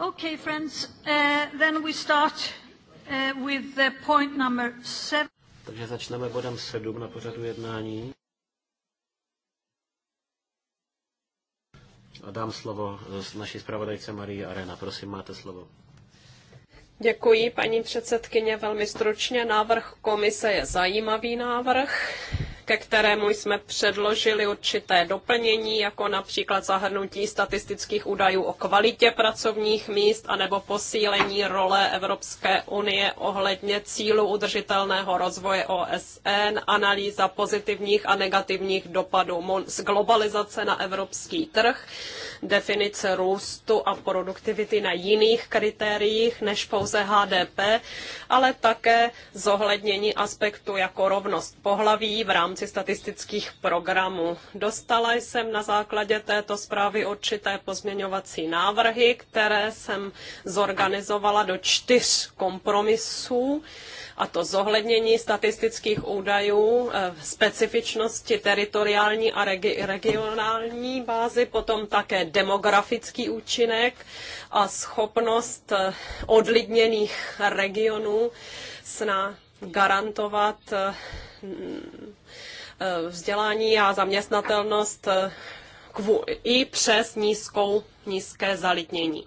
Okay, friends, uh, then we start uh, with the point number seven. Takže začneme bodem 7 na pořadu jednání. A dám slovo eh, naší zpravodajce Marie Arena. Prosím, máte slovo. Děkuji, paní předsedkyně, velmi stručně. Návrh komise je zajímavý návrh ke kterému jsme předložili určité doplnění, jako například zahrnutí statistických údajů o kvalitě pracovních míst anebo posílení role Evropské unie ohledně cílu udržitelného rozvoje OSN, analýza pozitivních a negativních dopadů z globalizace na evropský trh, definice růstu a produktivity na jiných kritériích než pouze HDP, ale také zohlednění aspektu jako rovnost pohlaví v rámci rámci statistických programů. Dostala jsem na základě této zprávy určité pozměňovací návrhy, které jsem zorganizovala do čtyř kompromisů, a to zohlednění statistických údajů, eh, specifičnosti teritoriální a regi- regionální bázy, potom také demografický účinek a schopnost eh, odlidněných regionů sna garantovat eh, Eh, vzdělání a zaměstnatelnost eh, i přes nízkou, nízké zalitnění.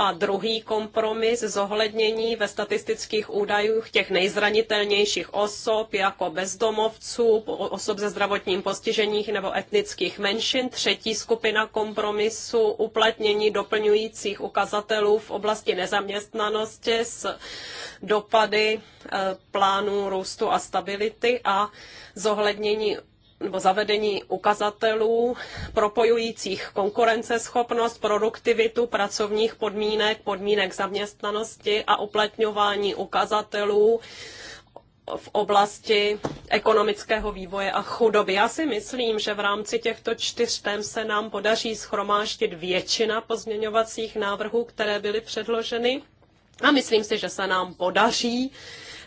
A druhý kompromis zohlednění ve statistických údajích těch nejzranitelnějších osob, jako bezdomovců, osob se zdravotním postižením nebo etnických menšin. Třetí skupina kompromisu uplatnění doplňujících ukazatelů v oblasti nezaměstnanosti s dopady eh, plánů růstu a stability a zohlednění nebo zavedení ukazatelů propojujících konkurenceschopnost, produktivitu pracovních podmínek, podmínek zaměstnanosti a uplatňování ukazatelů v oblasti ekonomického vývoje a chudoby. Já si myslím, že v rámci těchto čtyř tém se nám podaří schromáždit většina pozměňovacích návrhů, které byly předloženy. A myslím si, že se nám podaří uh,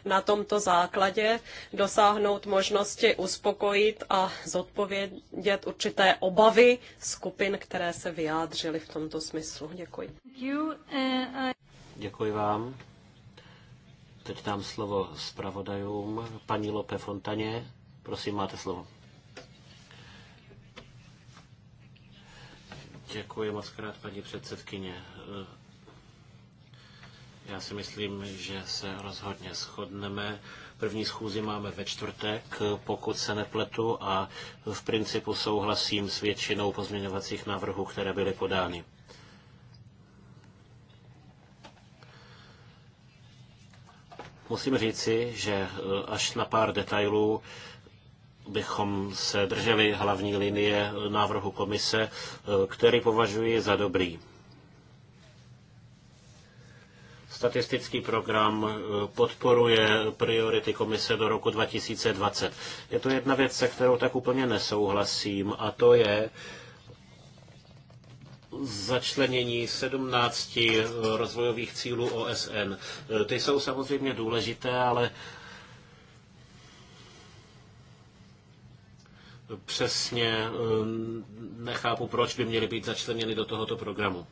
na tomto základě dosáhnout možnosti uspokojit a zodpovědět určité obavy skupin, které se vyjádřily v tomto smyslu. Děkuji. Eh, Děkuji vám. Teď dám slovo zpravodajům. Paní Lope Fontaně, prosím, máte slovo. Děkuji moc krát, paní předsedkyně. Já si myslím, že se rozhodně shodneme. První schůzi máme ve čtvrtek, pokud se nepletu, a v principu souhlasím s většinou pozměňovacích návrhů, které byly podány. Musím říci, že eh, až na pár detailů bychom se drželi hlavní linie návrhu komise, eh, který považuji za dobrý. statistický program eh, podporuje priority komise do roku 2020. Je to jedna věc, se kterou tak úplně nesouhlasím, a to je, začlenění 17 eh, rozvojových cílů OSN. Eh, ty jsou samozřejmě důležité, ale přesně nechápu, proč by měly být začleněny do tohoto programu.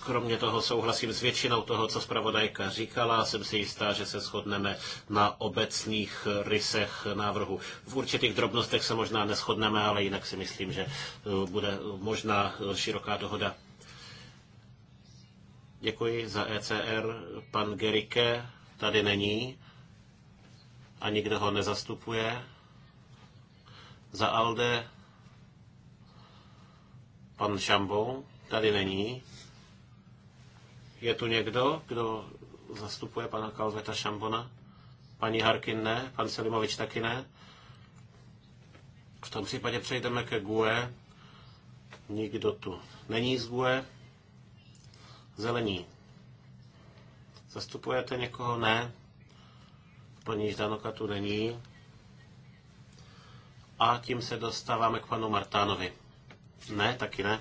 Kromě toho souhlasím s většinou toho, co zpravodajka říkala. Jsem si jistá, že se shodneme na obecných rysech návrhu. V určitých drobnostech se možná neschodneme, ale jinak si myslím, že eh, bude možná široká dohoda. Děkuji za ECR. Pan Gerike tady není a nikdo ho nezastupuje. Za ALDE pan Šambou tady není je tu někdo, kdo zastupuje pana Kalveta Šambona? Paní Harkin ne, pan Selimovič taky ne. V tom případě přejdeme ke GUE. Nikdo tu není z GUE. Zelení. Zastupujete někoho? Ne. Paní Ždanoka tu není. A tím se dostáváme k panu Martánovi. Ne, taky ne.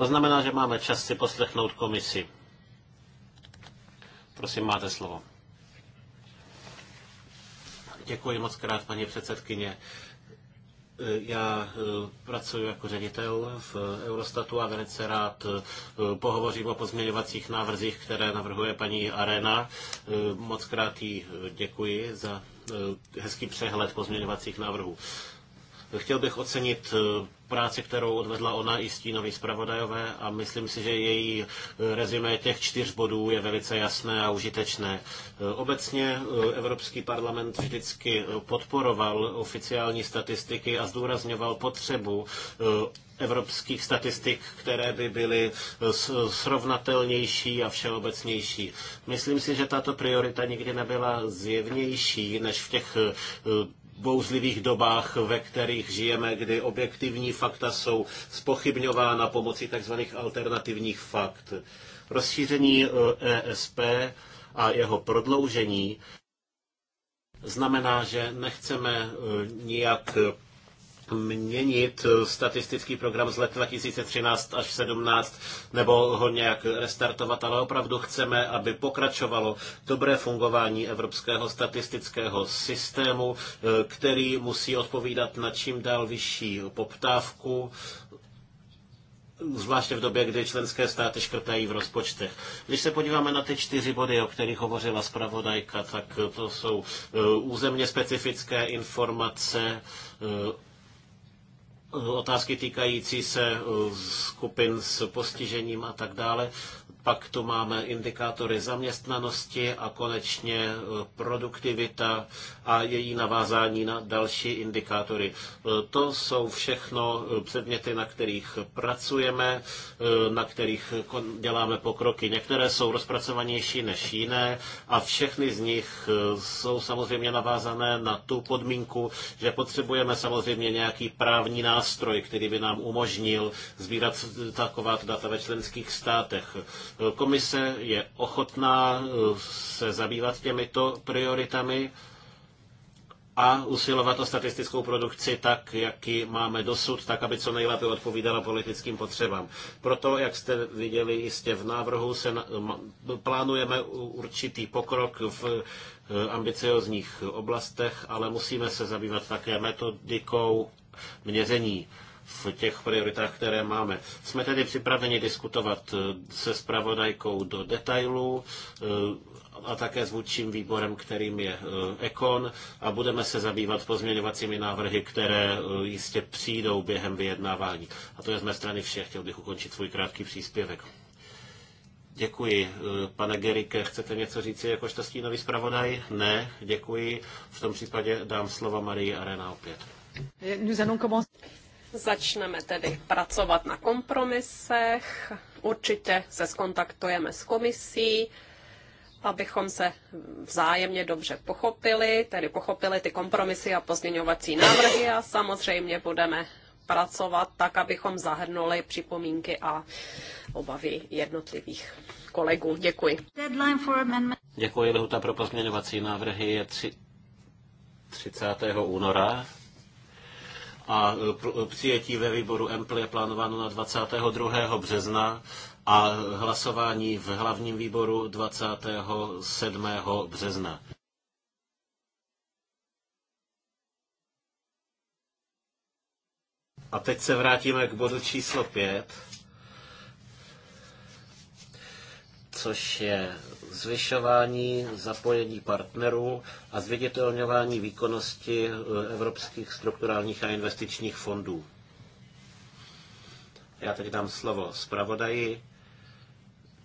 To znamená, že máme čas si poslechnout komisi. Prosím, máte slovo. Děkuji moc krát, paní předsedkyně. Já e, pracuji jako ředitel v Eurostatu a velice rád e, pohovořím o pozměňovacích návrzích, které navrhuje paní Arena. E, moc krát jí děkuji za hezký přehled pozměňovacích návrhů. Chtěl bych ocenit eh, práci, kterou odvedla ona i stínoví zpravodajové a myslím si, že její eh, rezime těch čtyř bodů je velice jasné a užitečné. Eh, obecně Evropský parlament vždycky podporoval oficiální statistiky a zdůrazňoval potřebu evropských statistik, které by byly srovnatelnější a všeobecnější. Myslím si, že tato priorita nikdy nebyla zjevnější než v těch bouzlivých dobách, ve kterých žijeme, kdy objektivní fakta jsou spochybňována pomocí tzv. alternativních fakt. Rozšíření ESP eh, e a jeho prodloužení znamená, že nechceme eh, nijak měnit eh, statistický program z let 2013 až 17 nebo ho nějak restartovat, ale opravdu chceme, aby pokračovalo dobré fungování evropského statistického systému, eh, který musí odpovídat na čím dál vyšší poptávku zvláště v době, kdy členské státy škrtají v rozpočtech. Když se podíváme na ty čtyři body, o kterých hovořila zpravodajka, tak to jsou eh, územně specifické informace, otázky týkající se eh, skupin s postižením a tak dále pak tu máme indikátory zaměstnanosti a konečně e, produktivita a její navázání na další indikátory. E, to jsou všechno e, předměty, na kterých pracujeme, na kterých děláme pokroky. Některé jsou rozpracovanější než jiné a všechny z nich jsou samozřejmě navázané na tu podmínku, že potřebujeme samozřejmě nějaký právní nástroj, který by nám umožnil sbírat taková data ve členských státech. Komise je ochotná eh, se zabývat těmito prioritami a usilovat o statistickou produkci tak, jak ji máme dosud, tak, aby co nejlépe odpovídala politickým potřebám. Proto, jak jste viděli jistě v návrhu, se na, plánujeme určitý pokrok v eh, ambiciozních oblastech, ale musíme se zabývat také metodikou měření v těch prioritách, které máme. Jsme tedy připraveni diskutovat eh, se zpravodajkou do detailů eh, a také s vůdčím výborem, kterým je Ekon eh, a budeme se zabývat pozměňovacími návrhy, které jistě přijdou během vyjednávání. A to je z mé strany vše. Chtěl bych ukončit svůj krátký příspěvek. Děkuji. Pane Gerike, chcete něco říci jako štastínový zpravodaj? Ne, děkuji. V tom případě dám slovo Marii Arena opět. Začneme tedy pracovat na kompromisech, určitě se skontaktujeme s komisí, abychom se vzájemně dobře pochopili, tedy pochopili ty kompromisy a pozměňovací návrhy a samozřejmě budeme pracovat tak, abychom zahrnuli připomínky a obavy jednotlivých kolegů. Děkuji. Děkuji. Lhuta pro pozměňovací návrhy je tři, 30. února a e, e, přijetí ve výboru EMPL je plánováno na 22. března a hlasování v hlavním výboru 27. března. A teď se vrátíme k bodu číslo 5, což je zvyšování zapojení partnerů a zviditelňování výkonnosti eh, evropských strukturálních a investičních fondů. Já teď dám slovo zpravodaji,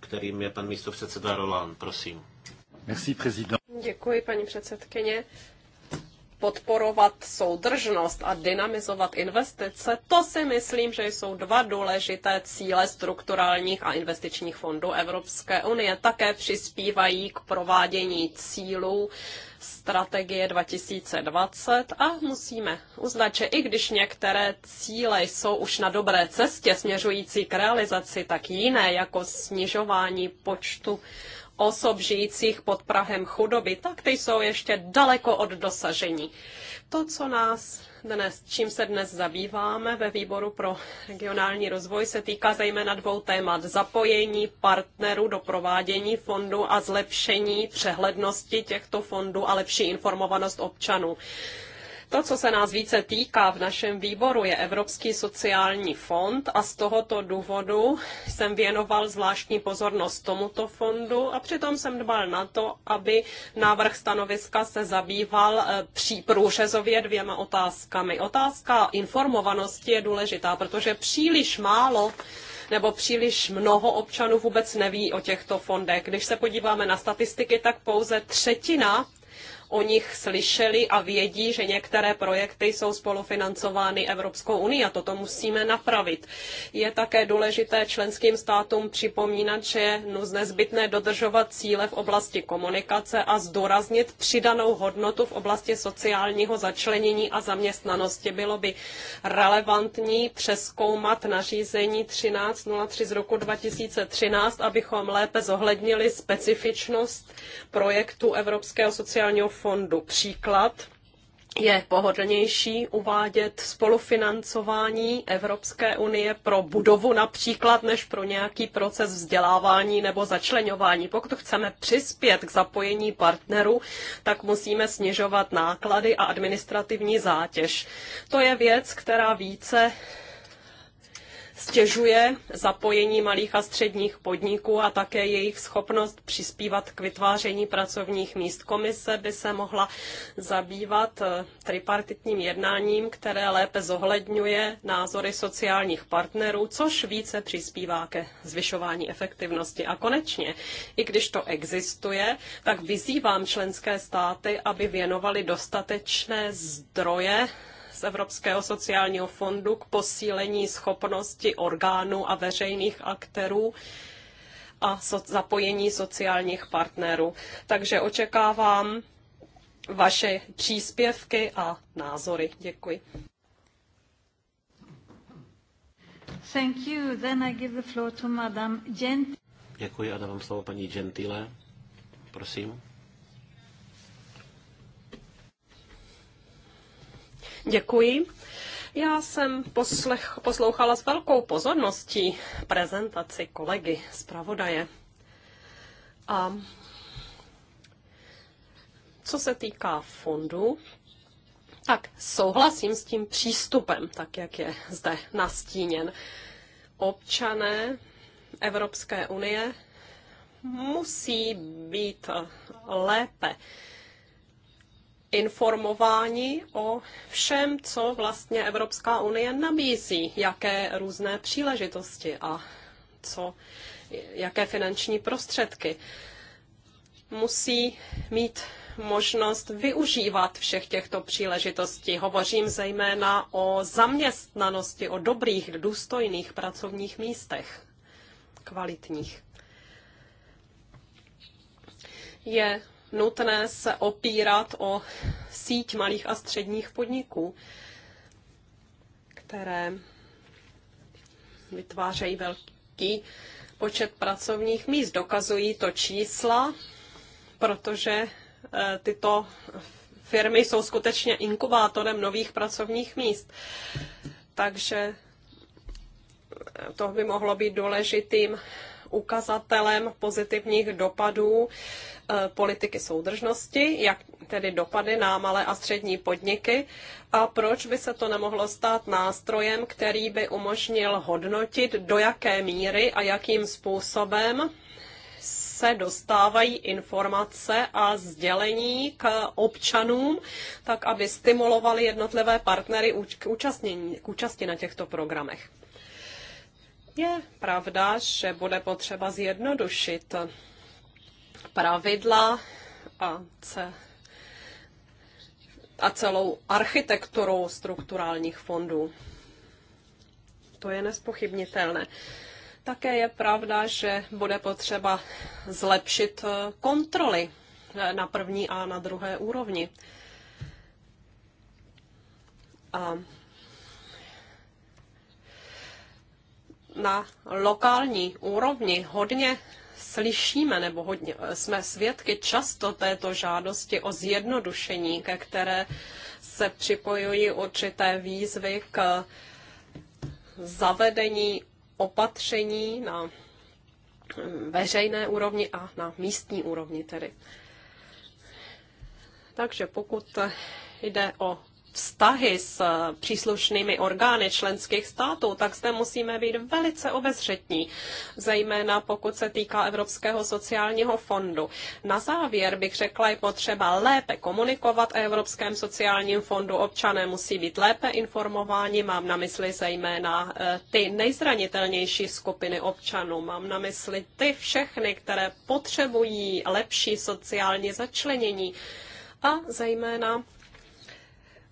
kterým je pan místopředseda Roland. Prosím. Merci, prezident. Děkuji, paní předsedkyně podporovat soudržnost a dynamizovat investice, to si myslím, že jsou dva důležité cíle strukturálních a investičních fondů Evropské unie. Také přispívají k provádění cílů strategie 2020 a musíme uznat, že i když některé cíle jsou už na dobré cestě směřující k realizaci, tak jiné, jako snižování počtu osob žijících pod Prahem chudoby, tak ty jsou ještě daleko od dosažení. To, co nás dnes, čím se dnes zabýváme ve výboru pro regionální rozvoj, se týká zejména dvou témat. Zapojení partnerů do provádění fondu a zlepšení přehlednosti těchto fondů a lepší informovanost občanů. To, co se nás více týká v našem výboru, je Evropský sociální fond a z tohoto důvodu jsem věnoval zvláštní pozornost tomuto fondu a přitom jsem dbal na to, aby návrh stanoviska se zabýval eh, pří průřezově dvěma otázkami. Otázka informovanosti je důležitá, protože příliš málo nebo příliš mnoho občanů vůbec neví o těchto fondech. Když se podíváme na statistiky, tak pouze třetina o nich slyšeli a vědí, že některé projekty jsou spolufinancovány Evropskou unii a toto musíme napravit. Je také důležité členským státům připomínat, že je nezbytné dodržovat cíle v oblasti komunikace a zdůraznit přidanou hodnotu v oblasti sociálního začlenění a zaměstnanosti. Bylo by relevantní přeskoumat nařízení 1303 z roku 2013, abychom lépe zohlednili specifičnost projektu Evropského sociálního fondu příklad, je pohodlnější uvádět spolufinancování Evropské unie pro budovu například, než pro nějaký proces vzdělávání nebo začlenování. Pokud chceme přispět k zapojení partnerů, tak musíme snižovat náklady a administrativní zátěž. To je věc, která více stěžuje zapojení malých a středních podniků a také jejich schopnost přispívat k vytváření pracovních míst. Komise by se mohla zabývat eh, tripartitním jednáním, které lépe zohledňuje názory sociálních partnerů, což více přispívá ke zvyšování efektivnosti. A konečně, i když to existuje, tak vyzývám členské státy, aby věnovali dostatečné zdroje z Evropského sociálního fondu k posílení schopnosti orgánů a veřejných aktérů a so, zapojení sociálních partnerů. Takže očekávám vaše příspěvky a názory. Děkuji. Thank you. Then I give the floor to Madame Gentile. Děkuji a dávám slovo paní Gentile. Prosím. Děkuji. Já jsem poslech, poslouchala s velkou pozorností prezentaci kolegy zpravodaje. A co se týká fondu, tak souhlasím s tím přístupem, tak jak je zde nastíněn. Občané Evropské unie musí být lépe informováni o všem, co vlastně Evropská unie nabízí, jaké různé příležitosti a co, jaké finanční prostředky. Musí mít možnost využívat všech těchto příležitostí. Hovořím zejména o zaměstnanosti, o dobrých, důstojných pracovních místech, kvalitních. Je nutné se opírat o síť malých a středních podniků, které vytvářejí velký počet pracovních míst. Dokazují to čísla, protože e, tyto firmy jsou skutečně inkubátorem nových pracovních míst. Takže e, to by mohlo být důležitým ukazatelem pozitivních dopadů Eh, politiky soudržnosti, jak tedy dopady na malé a střední podniky a proč by se to nemohlo stát nástrojem, který by umožnil hodnotit, do jaké míry a jakým způsobem se dostávají informace a sdělení k občanům, tak aby stimulovali jednotlivé partnery k, účastnění, k účasti na těchto programech. Je pravda, že bude potřeba zjednodušit pravidla a, ce, a celou architekturu strukturálních fondů. To je nespochybnitelné. Také je pravda, že bude potřeba zlepšit eh, kontroly eh, na první a na druhé úrovni. A na lokální úrovni hodně slyšíme nebo hodně, eh, jsme svědky často této žádosti o zjednodušení, ke které se připojují určité výzvy k zavedení opatření na veřejné úrovni a na místní úrovni tedy. Takže pokud jde o vztahy s eh, příslušnými orgány členských států, tak zde musíme být velice obezřetní, zejména pokud se týká Evropského sociálního fondu. Na závěr bych řekla, je potřeba lépe komunikovat o Evropském sociálním fondu. Občané musí být lépe informováni, mám na mysli zejména eh, ty nejzranitelnější skupiny občanů, mám na mysli ty všechny, které potřebují lepší sociální začlenění a zejména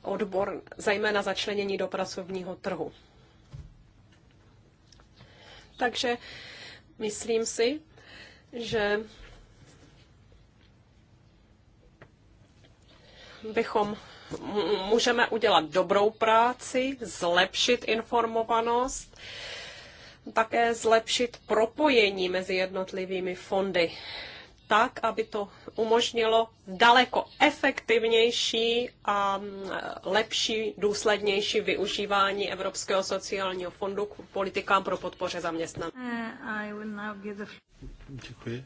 odbor, zejména začlenění do pracovního trhu. Takže myslím si, že bychom můžeme udělat dobrou práci, zlepšit informovanost, také zlepšit propojení mezi jednotlivými fondy tak, aby to umožnilo daleko efektivnější a mm, lepší, důslednější využívání Evropského sociálního fondu k politikám pro podpoře zaměstnanců. Eh, Děkuji.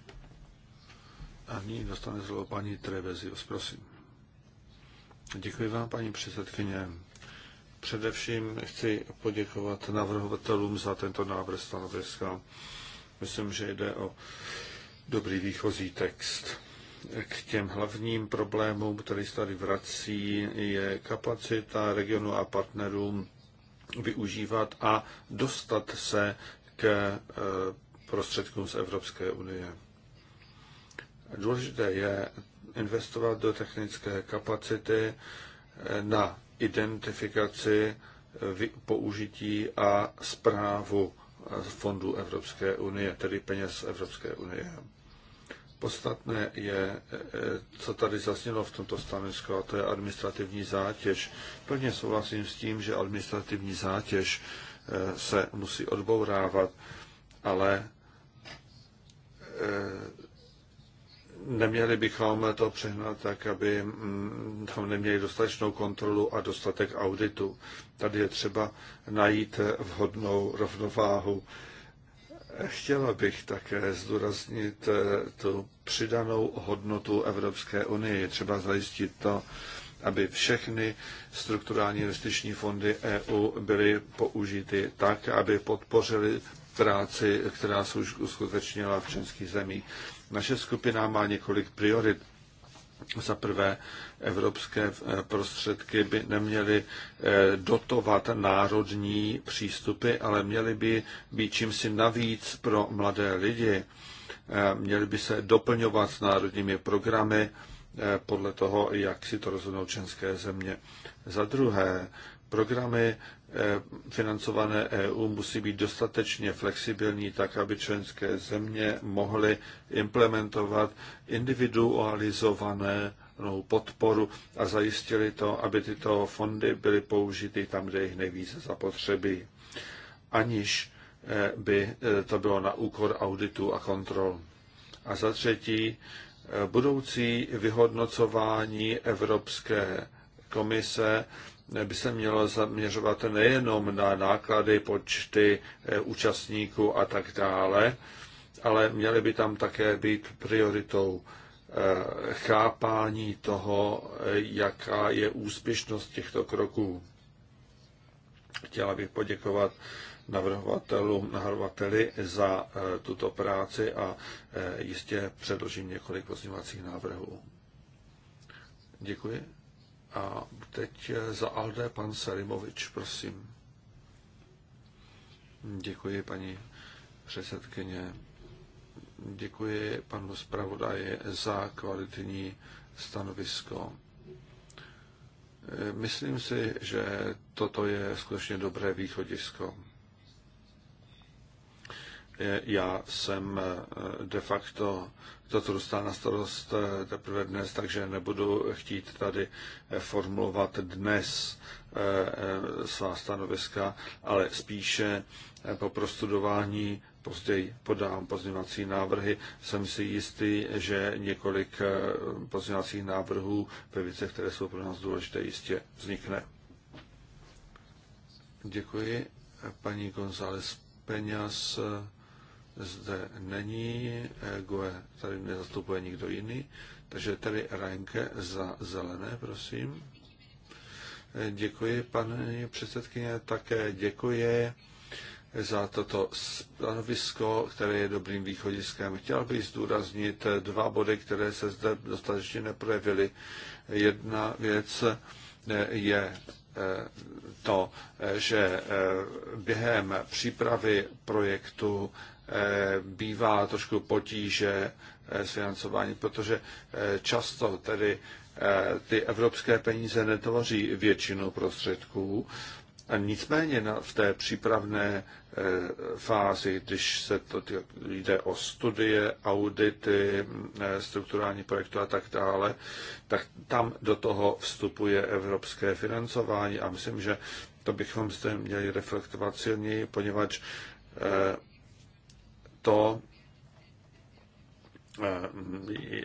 A nyní dostane slovo paní Trevezius, prosím. Děkuji vám, paní předsedkyně. Především chci poděkovat navrhovatelům za tento návrh stanoviska. Myslím, že jde o dobrý výchozí text. K těm hlavním problémům, který se tady vrací, je kapacita regionu a partnerům využívat a dostat se k e, prostředkům z Evropské unie. Důležité je investovat do technické kapacity e, na identifikaci, e, použití a zprávu fondů Evropské unie, tedy peněz Evropské unie. Podstatné je, e, e, co tady zaznělo v tomto stanovisku, a to je administrativní zátěž. Plně souhlasím s tím, že administrativní zátěž e, se musí odbourávat, ale neměli bychom to přehnat tak, aby tam neměli dostatečnou kontrolu a dostatek auditu. Tady je třeba najít vhodnou rovnováhu. Chtěla bych také zdůraznit eh, tu přidanou hodnotu Evropské unie. Je třeba zajistit to, aby všechny strukturální investiční fondy EU byly použity tak, aby podpořily práci, která se už uskutečnila v českých zemích. Naše skupina má několik priorit. Za prvé, evropské eh, prostředky by neměly eh, dotovat národní přístupy, ale měly by být čímsi navíc pro mladé lidi. Eh, měly by se doplňovat s národními programy podle toho, jak si to rozhodnou české země. Za druhé, programy Eh, financované EU musí být dostatečně flexibilní, tak aby členské země mohly implementovat individualizované podporu a zajistili to, aby tyto fondy byly použity tam, kde jich nejvíce zapotřebí, aniž eh, by eh, to bylo na úkor auditu a kontrol. A za třetí, budoucí vyhodnocování evropské komise by se mělo zaměřovat nejenom na náklady, počty eh, účastníků a tak dále, ale měly by tam také být prioritou eh, chápání toho, eh, jaká je úspěšnost těchto kroků. Chtěla bych poděkovat navrhovatelům, navrhovateli za tuto práci a jistě předložím několik pozměňovacích návrhů. Děkuji. A teď za Alde pan Sarimovič, prosím. Děkuji, paní předsedkyně. Děkuji panu zpravodaji za kvalitní stanovisko. Myslím si, že toto je skutečně dobré východisko. Já jsem de facto to, co dostal na starost eh, teprve dnes, takže nebudu chtít tady eh, formulovat dnes eh, svá stanoviska, ale spíše po prostudování později podám pozměňovací návrhy. Jsem si jistý, že několik pozměňovacích návrhů ve věcech, které jsou pro nás důležité, jistě vznikne. Děkuji. Paní González Peňas zde není, eh, Goe tady nezastupuje nikdo jiný, takže tady Renke za zelené, prosím. Eh, děkuji, paní předsedkyně, také děkuji eh, za toto stanovisko, které je dobrým východiskem. Chtěl bych zdůraznit dva body, které se zde dostatečně neprojevily. Jedna věc je to, že během přípravy projektu Eh, bývá trošku potíže eh, s financováním, protože eh, často tedy ty evropské peníze netvoří většinu prostředků. A nicméně v té přípravné fázi, když se to jde o studie, audity, strukturální projekty a tak dále, tak tam do toho vstupuje evropské financování a myslím, že to bychom zde měli reflektovat silněji, poněvadž to, eh,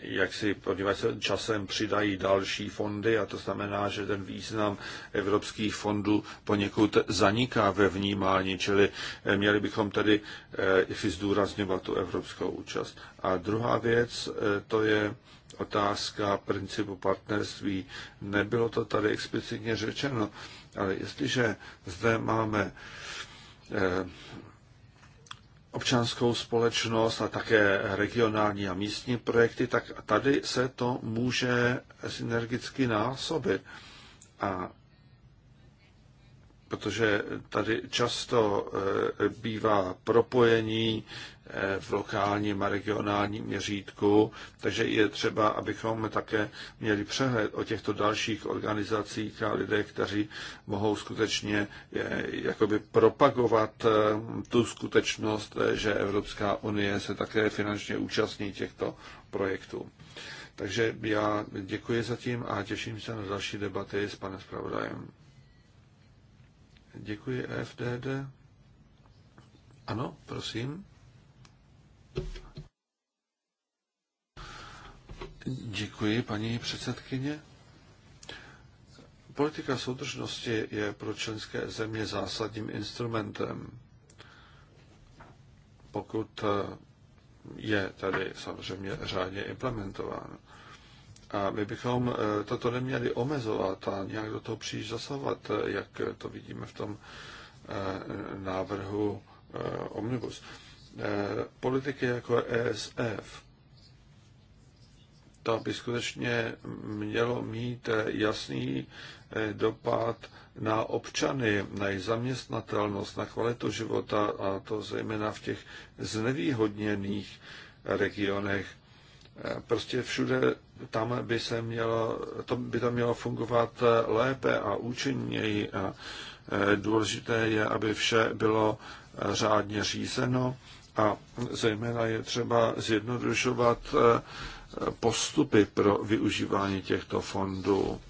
jak si podívat se časem přidají další fondy a to znamená, že ten význam evropských fondů poněkud zaniká ve vnímání, čili eh, měli bychom tedy eh, i zdůrazňovat tu evropskou účast. A druhá věc, to je otázka principu partnerství. Nebylo to tady explicitně řečeno, ale jestliže zde máme občanskou společnost a také regionální a místní projekty, tak tady se to může synergicky násobit. A protože tady často eh, bývá propojení v lokálním a regionálním měřítku, takže je třeba, abychom také měli přehled o těchto dalších organizacích a lidech, kteří mohou skutečně eh, jakoby propagovat eh, tu skutečnost, eh, že Evropská unie se také finančně účastní těchto projektů. Takže já děkuji zatím a těším se na další debaty s panem zpravodajem. Děkuji FDD. Ano, prosím. Děkuji, paní předsedkyně. Politika soudržnosti je pro členské země zásadním instrumentem. Pokud eh, je tady samozřejmě řádně implementován. A my bychom eh, toto neměli omezovat a nějak do toho příliš zasahovat, eh, jak to vidíme v tom návrhu Omnibus. Eh, politiky jako ESF, to by skutečně mělo mít eh, jasný eh, dopad na občany, na jejich zaměstnatelnost, na kvalitu života a to zejména v těch znevýhodněných regionech. Prostě všude tam by, se mělo, to by to mělo fungovat lépe a účinněji. A důležité je, aby vše bylo řádně řízeno a zejména je třeba zjednodušovat eh, postupy pro využívání těchto fondů.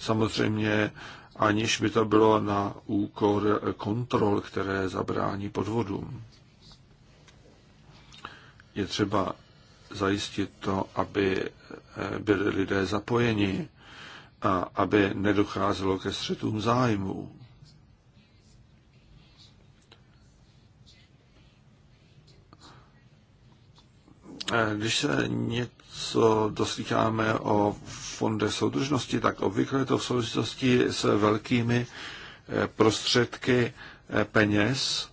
Samozřejmě aniž by to bylo na úkor kontrol, které zabrání podvodům. Je třeba zajistit to, aby eh, byli lidé zapojeni a aby nedocházelo ke střetům zájmů. Když se něco doslýcháme o fondech soudržnosti, tak obvykle to v souvislosti s velkými eh, prostředky eh, peněz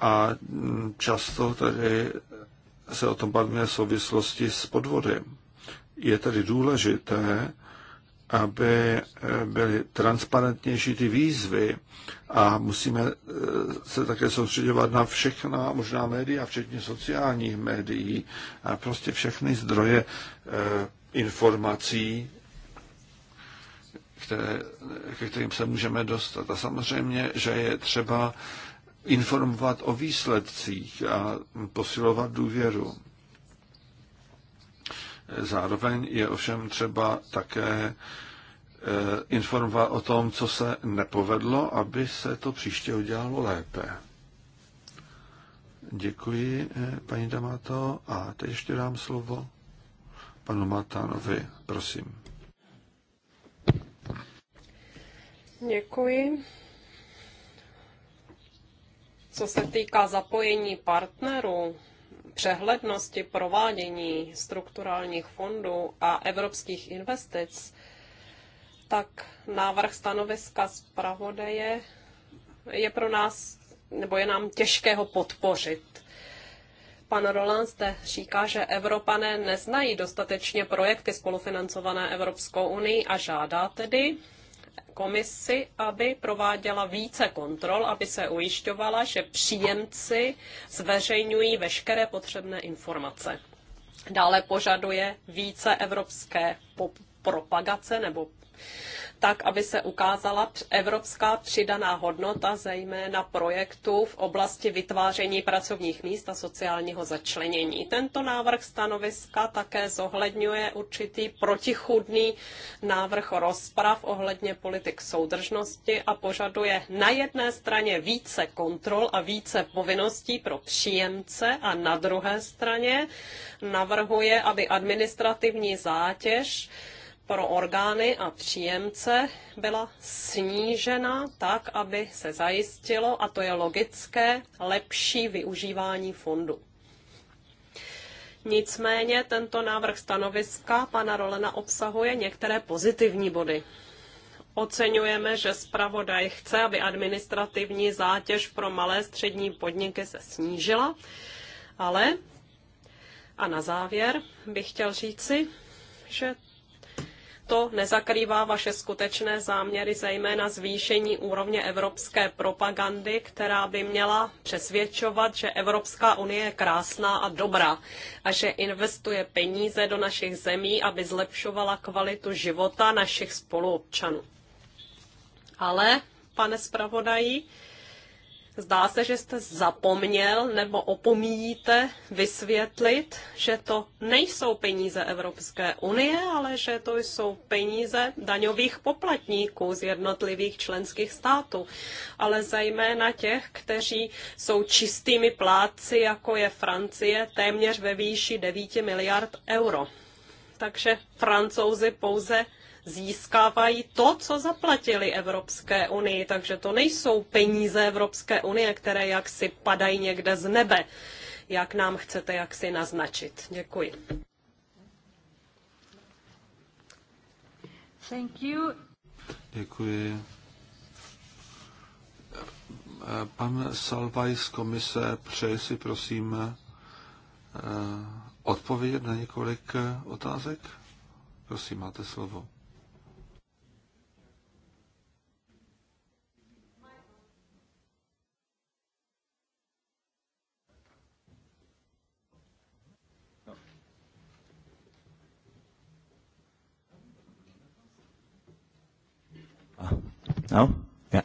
a mm, často tedy se o tom bavíme v souvislosti s podvody. Je tedy důležité, aby eh, byly transparentnější ty výzvy a musíme eh, se také soustředovat na všechna možná média, včetně sociálních médií a prostě všechny zdroje eh, informací, které, ke kterým se můžeme dostat. A samozřejmě, že je třeba informovat o výsledcích a posilovat důvěru. Zároveň je ovšem třeba také eh, informovat o tom, co se nepovedlo, aby se to příště udělalo lépe. Děkuji, eh, paní Damato. A teď ještě dám slovo panu Matánovi. Prosím. Děkuji. Co se týká zapojení partnerů, přehlednosti provádění strukturálních fondů a evropských investic, tak návrh stanoviska zpravodaje je pro nás, nebo je nám těžké ho podpořit. Pan Roland zde říká, že Evropané neznají dostatečně projekty spolufinancované Evropskou unii a žádá tedy, komisi, aby prováděla více kontrol, aby se ujišťovala, že příjemci zveřejňují veškeré potřebné informace. Dále požaduje více evropské propagace nebo tak aby se ukázala evropská přidaná hodnota, zejména projektů v oblasti vytváření pracovních míst a sociálního začlenění. Tento návrh stanoviska také zohledňuje určitý protichudný návrh rozprav ohledně politik soudržnosti a požaduje na jedné straně více kontrol a více povinností pro příjemce a na druhé straně navrhuje, aby administrativní zátěž pro orgány a příjemce byla snížena tak, aby se zajistilo, a to je logické, lepší využívání fondu. Nicméně tento návrh stanoviska pana Rolena obsahuje některé pozitivní body. Oceňujeme, že zpravodaj chce, aby administrativní zátěž pro malé střední podniky se snížila, ale a na závěr bych chtěl říci, že to nezakrývá vaše skutečné záměry, zejména zvýšení úrovně evropské propagandy, která by měla přesvědčovat, že Evropská unie je krásná a dobrá a že investuje peníze do našich zemí, aby zlepšovala kvalitu života našich spoluobčanů. Ale, pane zpravodají, Zdá se, že jste zapomněl nebo opomíjíte vysvětlit, že to nejsou peníze Evropské unie, ale že to jsou peníze daňových poplatníků z jednotlivých členských států, ale zejména těch, kteří jsou čistými plátci, jako je Francie, téměř ve výši 9 miliard euro. Takže francouzi pouze získávají to, co zaplatili Evropské unii, takže to nejsou peníze Evropské unie, které jaksi padají někde z nebe, jak nám chcete jaksi naznačit. Děkuji. Thank you. Děkuji. Pan Salvaj z komise přeje si, prosím, eh, odpovědět na několik eh, otázek? Prosím, máte slovo. No? Yeah.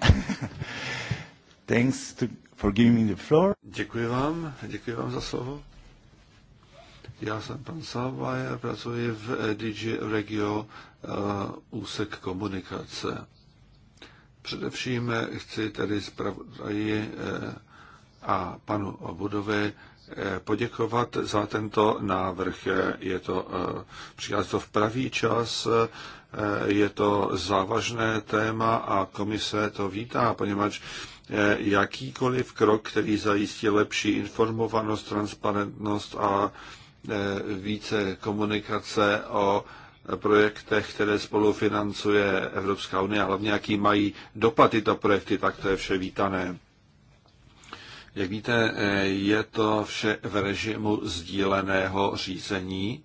Thanks to, for giving me the floor. Děkuji vám, děkuji vám za slovo. Já jsem pan Sava, já pracuji v eh, DG Regio uh, úsek komunikace. Především eh, chci tady zpravodaji a panu Obudovi poděkovat za tento návrh. Je to, přichází to v pravý čas, Eh, je to závažné téma a komise to vítá, poněvadž eh, jakýkoliv krok, který zajistí lepší informovanost, transparentnost a eh, více komunikace o projektech, které spolufinancuje Evropská unie, a hlavně jaký mají dopad tyto projekty, tak to je vše vítané. Jak víte, je to vše v režimu sdíleného řízení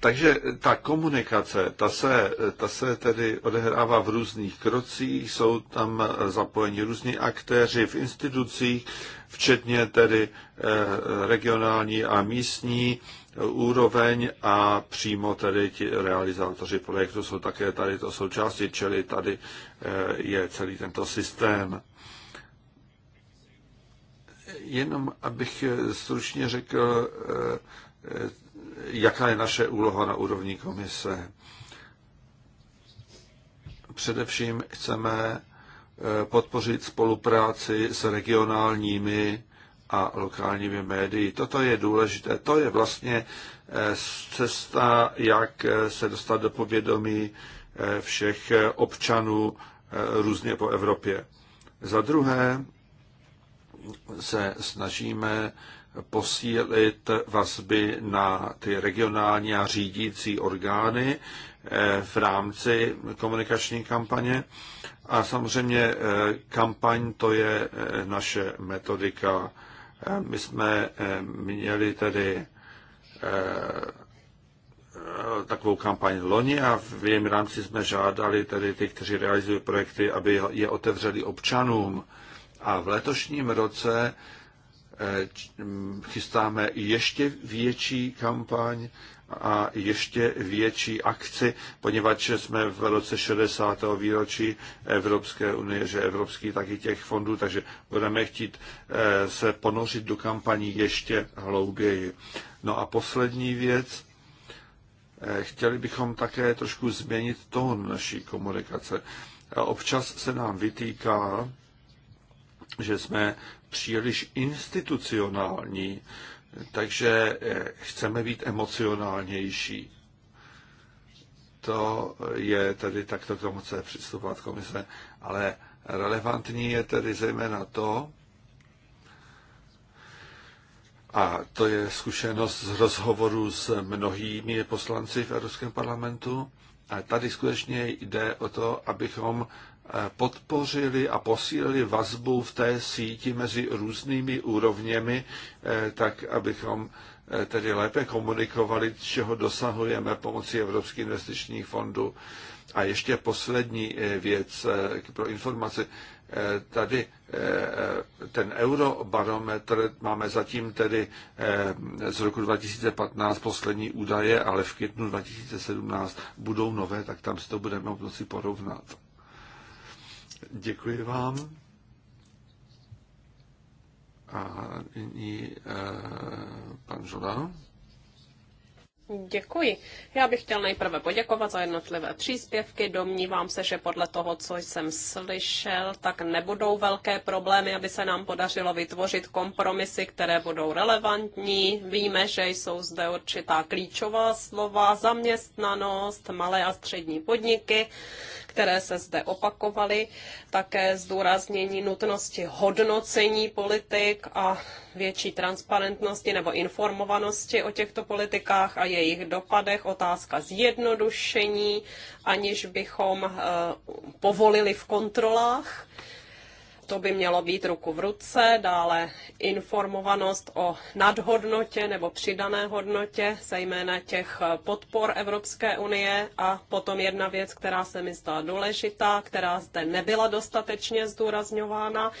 takže ta komunikace, ta se, ta se tedy odehrává v různých krocích, jsou tam zapojeni různí aktéři v institucích, včetně tedy eh, regionální a místní eh, úroveň a přímo tedy ti realizátoři projektu jsou také tady to součástí, čili tady eh, je celý tento systém. Jenom abych stručně řekl, jaká je naše úloha na úrovni komise. Především chceme eh, podpořit spolupráci s regionálními a lokálními médii. Toto je důležité. To je vlastně eh, cesta, jak eh, se dostat do povědomí všech občanů různě po Evropě. Za druhé se snažíme posílit vazby na ty regionální a řídící orgány eh, v rámci komunikační kampaně. A samozřejmě eh, kampaň to je eh, naše metodika. My jsme měli tedy takovou kampaň loni a v jejím rámci jsme žádali tedy ty, kteří realizují projekty, aby je otevřeli občanům. A v letošním roce Eh, chystáme ještě větší kampaň a ještě větší akci, poněvadž jsme v roce 60. výročí Evropské unie, že evropský taky těch fondů, takže budeme chtít eh, se ponořit do kampaní ještě hlouběji. No a poslední věc, eh, chtěli bychom také trošku změnit tón naší komunikace. Občas se nám vytýká, že jsme příliš institucionální, takže eh, chceme být emocionálnější. To je tedy takto k tomu je přistupovat komise. Ale relevantní je tedy zejména to, a to je zkušenost z rozhovoru s mnohými poslanci v Evropském parlamentu, a tady skutečně jde o to, abychom podpořili a posílili vazbu v té síti mezi různými úrovněmi, eh, tak abychom eh, tedy lépe komunikovali, čeho dosahujeme pomocí Evropských investičních fondů. A ještě poslední eh, věc pro informaci. Tady ten eurobarometr, máme zatím tedy z roku 2015 poslední údaje, ale v květnu 2017 budou nové, tak tam si to budeme moci porovnat. Děkuji vám. A nyní eh, pan Žoda. Děkuji. Já bych chtěl nejprve poděkovat za jednotlivé příspěvky. Domnívám se, že podle toho, co jsem slyšel, tak nebudou velké problémy, aby se nám podařilo vytvořit kompromisy, které budou relevantní. Víme, že jsou zde určitá klíčová slova, zaměstnanost, malé a střední podniky, které se zde opakovaly, také zdůraznění nutnosti hodnocení politik a větší transparentnosti nebo informovanosti o těchto politikách a jejich dopadech, otázka zjednodušení, aniž bychom eh, povolili v kontrolách to by mělo být ruku v ruce, dále informovanost o nadhodnotě nebo přidané hodnotě, zejména těch podpor Evropské unie a potom jedna věc, která se mi zdá důležitá, která zde nebyla dostatečně zdůrazňována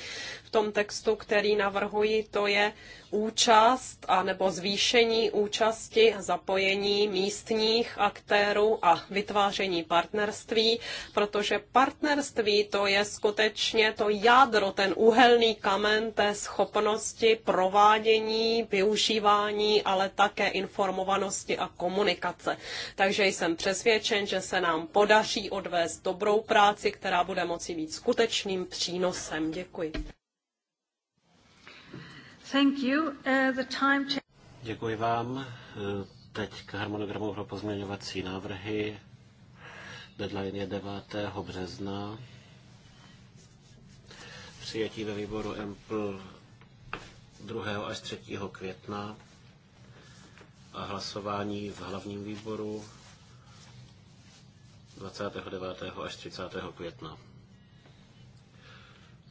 v tom textu, který navrhuji, to je účast a nebo zvýšení účasti a zapojení místních aktérů a vytváření partnerství, protože partnerství to je skutečně to jádro pro ten úhelný kamen té schopnosti provádění, využívání, ale také informovanosti a komunikace. Takže jsem přesvědčen, že se nám podaří odvést dobrou práci, která bude moci být skutečným přínosem. Děkuji. Thank you. Uh, the time to... Děkuji vám. Teď k harmonogramu pro pozměňovací návrhy. Deadline je 9. března přijetí ve výboru EMPL 2. až 3. května a hlasování v hlavním výboru 29. až 30. května.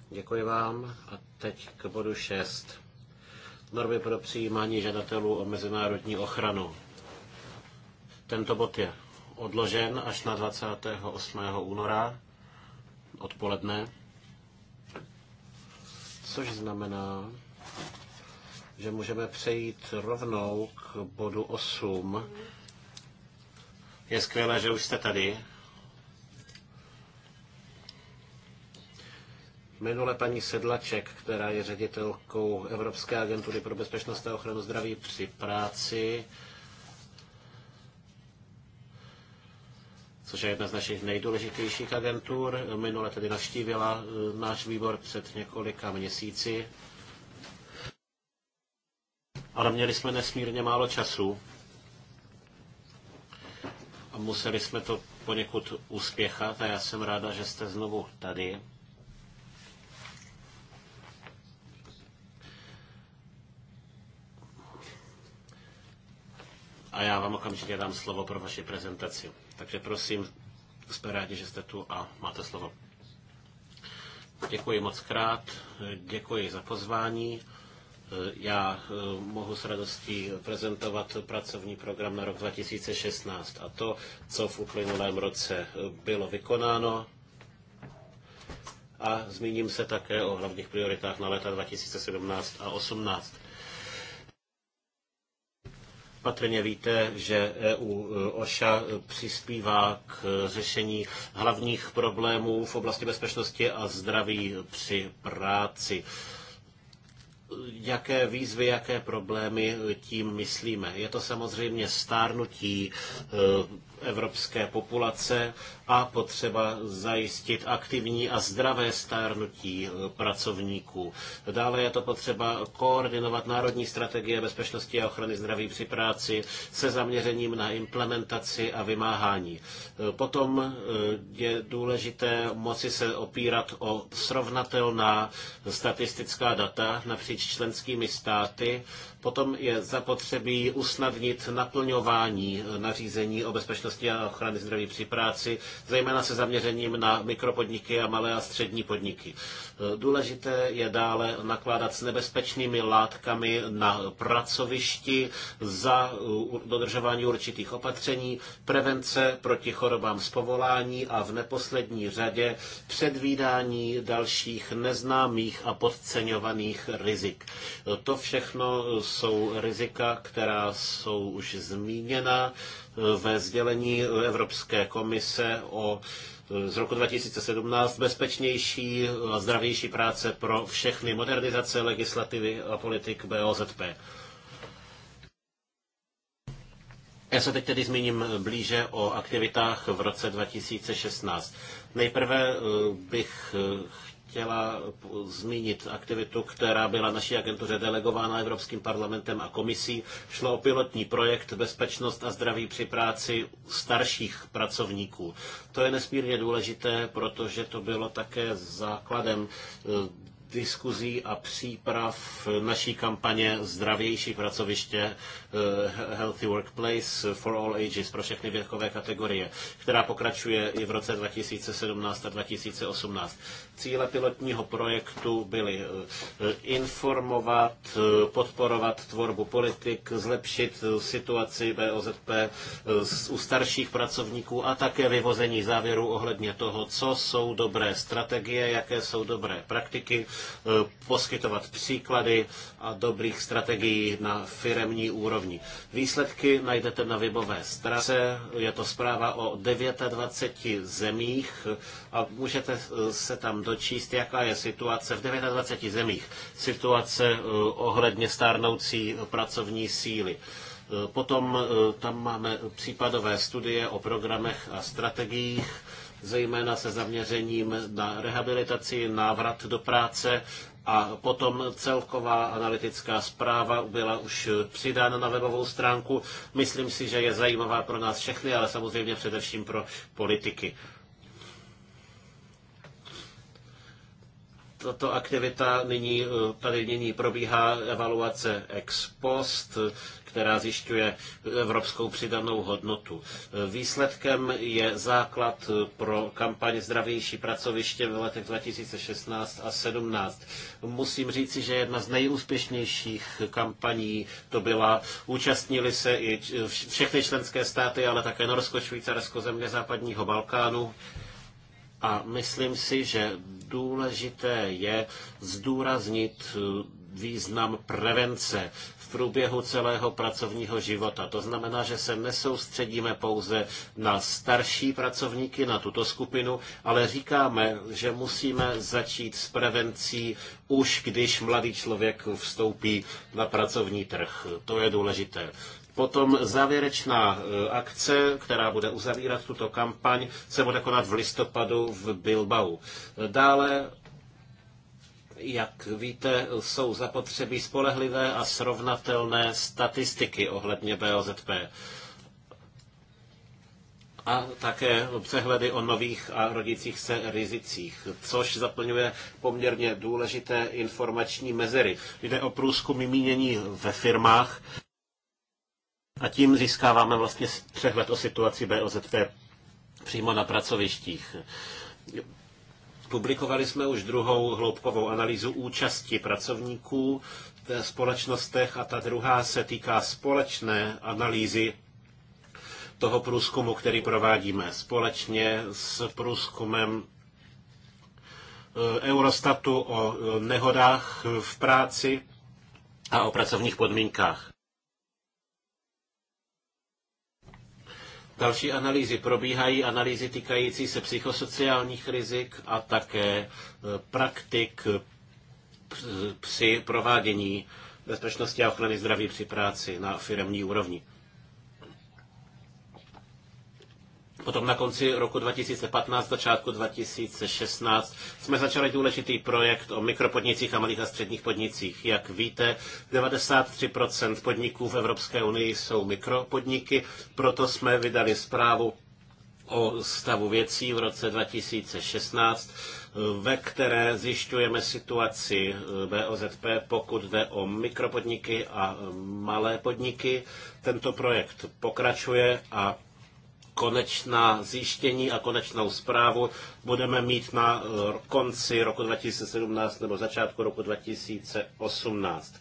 Děkuji vám a teď k bodu 6. Normy pro přijímání žadatelů o mezinárodní ochranu. Tento bod je odložen až na 28. února odpoledne což znamená, že můžeme přejít rovnou k bodu 8. Je skvělé, že už jste tady. Minule paní Sedlaček, která je ředitelkou Evropské agentury pro bezpečnost a ochranu zdraví při práci, což je jedna z našich nejdůležitějších agentur. Minule tedy navštívila eh, náš výbor před několika měsíci. Ale měli jsme nesmírně málo času a museli jsme to poněkud uspěchat a já jsem ráda, že jste znovu tady. a já vám okamžitě dám slovo pro vaši prezentaci. Takže prosím, jsme rádi, že jste tu a máte slovo. Děkuji moc krát, děkuji za pozvání. Já eh, mohu s radostí prezentovat pracovní program na rok 2016 a to, co v uplynulém roce eh, bylo vykonáno. A zmíním se také o hlavních prioritách na léta 2017 a 2018. Patrně víte, že EU e, OŠA e, přispívá k e, řešení hlavních problémů v oblasti bezpečnosti a zdraví při práci. Jaké výzvy, jaké problémy tím myslíme? Je to samozřejmě stárnutí evropské populace a potřeba zajistit aktivní a zdravé stárnutí eh, pracovníků. Dále je to potřeba koordinovat národní strategie bezpečnosti a ochrany zdraví při práci se zaměřením na implementaci a vymáhání. Eh, potom eh, je důležité moci se opírat o srovnatelná statistická data napříč členskými státy, Potom je zapotřebí usnadnit naplňování eh, nařízení o bezpečnosti a ochrany zdraví při práci, zejména se zaměřením na mikropodniky a malé a střední podniky. Eh, důležité je dále nakládat s nebezpečnými látkami na pracovišti za eh, dodržování určitých opatření, prevence proti chorobám z povolání a v neposlední řadě předvídání dalších neznámých a podceňovaných rizik. To všechno jsou rizika, která jsou už zmíněna e, ve sdělení Evropské komise o e, z roku 2017 bezpečnější a zdravější práce pro všechny modernizace legislativy a politik BOZP. Já se teď tedy zmíním blíže o aktivitách v roce 2016. Nejprve e, bych chtěla zmínit aktivitu, která byla naší agentuře delegována Evropským parlamentem a komisí. Šlo o pilotní projekt Bezpečnost a zdraví při práci starších pracovníků. To je nesmírně důležité, protože to bylo také základem e, diskuzí a příprav naší kampaně Zdravější pracoviště e, Healthy Workplace for All Ages, pro všechny věkové kategorie, která pokračuje i v roce 2017 a 2018. Cíle pilotního projektu byly eh, eh, informovat, eh, podporovat tvorbu politik, zlepšit situaci BOZP u starších pracovníků a také vyvození závěrů ohledně toho, co jsou dobré strategie, jaké jsou dobré praktiky, poskytovat příklady a dobrých strategií na firemní úrovni. Výsledky najdete na webové straně. je to zpráva o 29 zemích a můžete se tam dočíst, jaká je situace v 29 zemích, situace eh, ohledně stárnoucí pracovní síly. Eh, potom eh, tam máme případové studie o programech a strategiích, zejména se zaměřením na rehabilitaci, návrat do práce a potom celková analytická zpráva byla už přidána na webovou stránku. Myslím si, že je zajímavá pro nás všechny, ale samozřejmě především pro politiky. tato aktivita nyní eh, tady nyní probíhá evaluace ex post, která zjišťuje evropskou přidanou hodnotu. Eh, výsledkem je základ eh, pro kampaň Zdravější pracoviště v letech 2016 a 2017. Musím říci, že jedna z nejúspěšnějších kampaní to byla. Účastnili se i všechny členské státy, ale také Norsko, Švýcarsko, země západního Balkánu. A myslím si, že důležité je zdůraznit eh, význam prevence v průběhu celého pracovního života. To znamená, že se nesoustředíme pouze na starší pracovníky, na tuto skupinu, ale říkáme, že musíme začít s prevencí už když mladý člověk vstoupí na pracovní trh. To je důležité. Potom závěrečná eh, akce, která bude uzavírat tuto kampaň, se bude konat v listopadu v Bilbao. Dále jak víte, jsou zapotřebí spolehlivé a srovnatelné statistiky ohledně BOZP a také přehledy o nových a rodících se rizicích, což zaplňuje poměrně důležité informační mezery. Jde o průzkumy mínění ve firmách a tím získáváme vlastně přehled o situaci BOZP přímo na pracovištích. Publikovali jsme už druhou hloubkovou analýzu účasti pracovníků v společnostech a ta druhá se týká společné analýzy toho průzkumu, který provádíme společně s průzkumem eh, Eurostatu o eh, nehodách v práci a o pracovních podmínkách. Další analýzy probíhají, analýzy týkající se psychosociálních rizik a také e, praktik e, při provádění bezpečnosti a ochrany zdraví při práci na firemní úrovni. Potom na konci roku 2015, začátku 2016 jsme začali důležitý projekt o mikropodnicích a malých a středních podnicích. Jak víte, 93% podniků v Evropské unii jsou mikropodniky, proto jsme vydali zprávu o stavu věcí v roce 2016, ve které zjišťujeme situaci eh, BOZP, pokud jde o mikropodniky a eh, malé podniky. Tento projekt pokračuje a konečná zjištění a konečnou zprávu budeme mít na eh, konci roku 2017 nebo začátku roku 2018.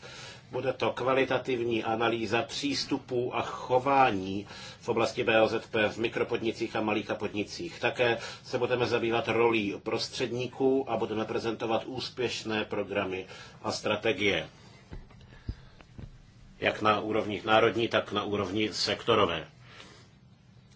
Bude to kvalitativní analýza přístupů a chování v oblasti BOZP v mikropodnicích a malých podnicích. Také se budeme zabývat rolí prostředníků a budeme prezentovat úspěšné programy a strategie. Jak na úrovni národní, tak na úrovni sektorové.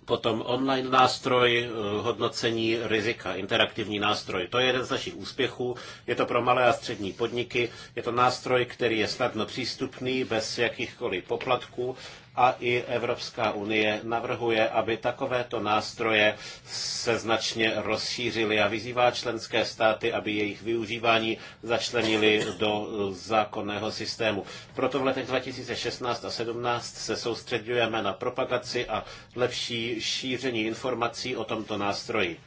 Potom online nástroj eh, hodnocení rizika, interaktivní nástroj. To je jeden z našich úspěchů. Je to pro malé a střední podniky. Je to nástroj, který je snadno přístupný, bez jakýchkoliv poplatků a i Evropská unie navrhuje, aby takovéto nástroje se značně rozšířily a vyzývá členské státy, aby jejich využívání začlenili do zákonného systému. Proto v letech 2016 a 17 se soustředujeme na propagaci a lepší šíření informací o tomto nástroji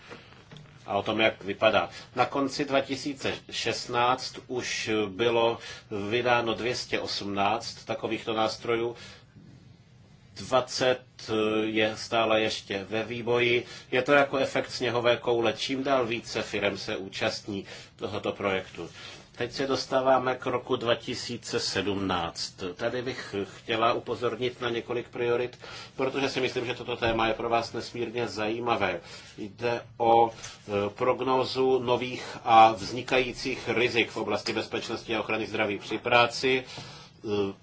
a o tom, jak vypadá. Na konci 2016 už bylo vydáno 218 takovýchto nástrojů, 20 eh, je stále ještě ve vývoji. Je to jako efekt sněhové koule. Čím dál více firm se účastní tohoto projektu. Teď se dostáváme k roku 2017. Tady bych chtěla upozornit na několik priorit, protože si myslím, že toto téma je pro vás nesmírně zajímavé. Jde o eh, prognózu nových a vznikajících rizik v oblasti bezpečnosti a ochrany zdraví při práci,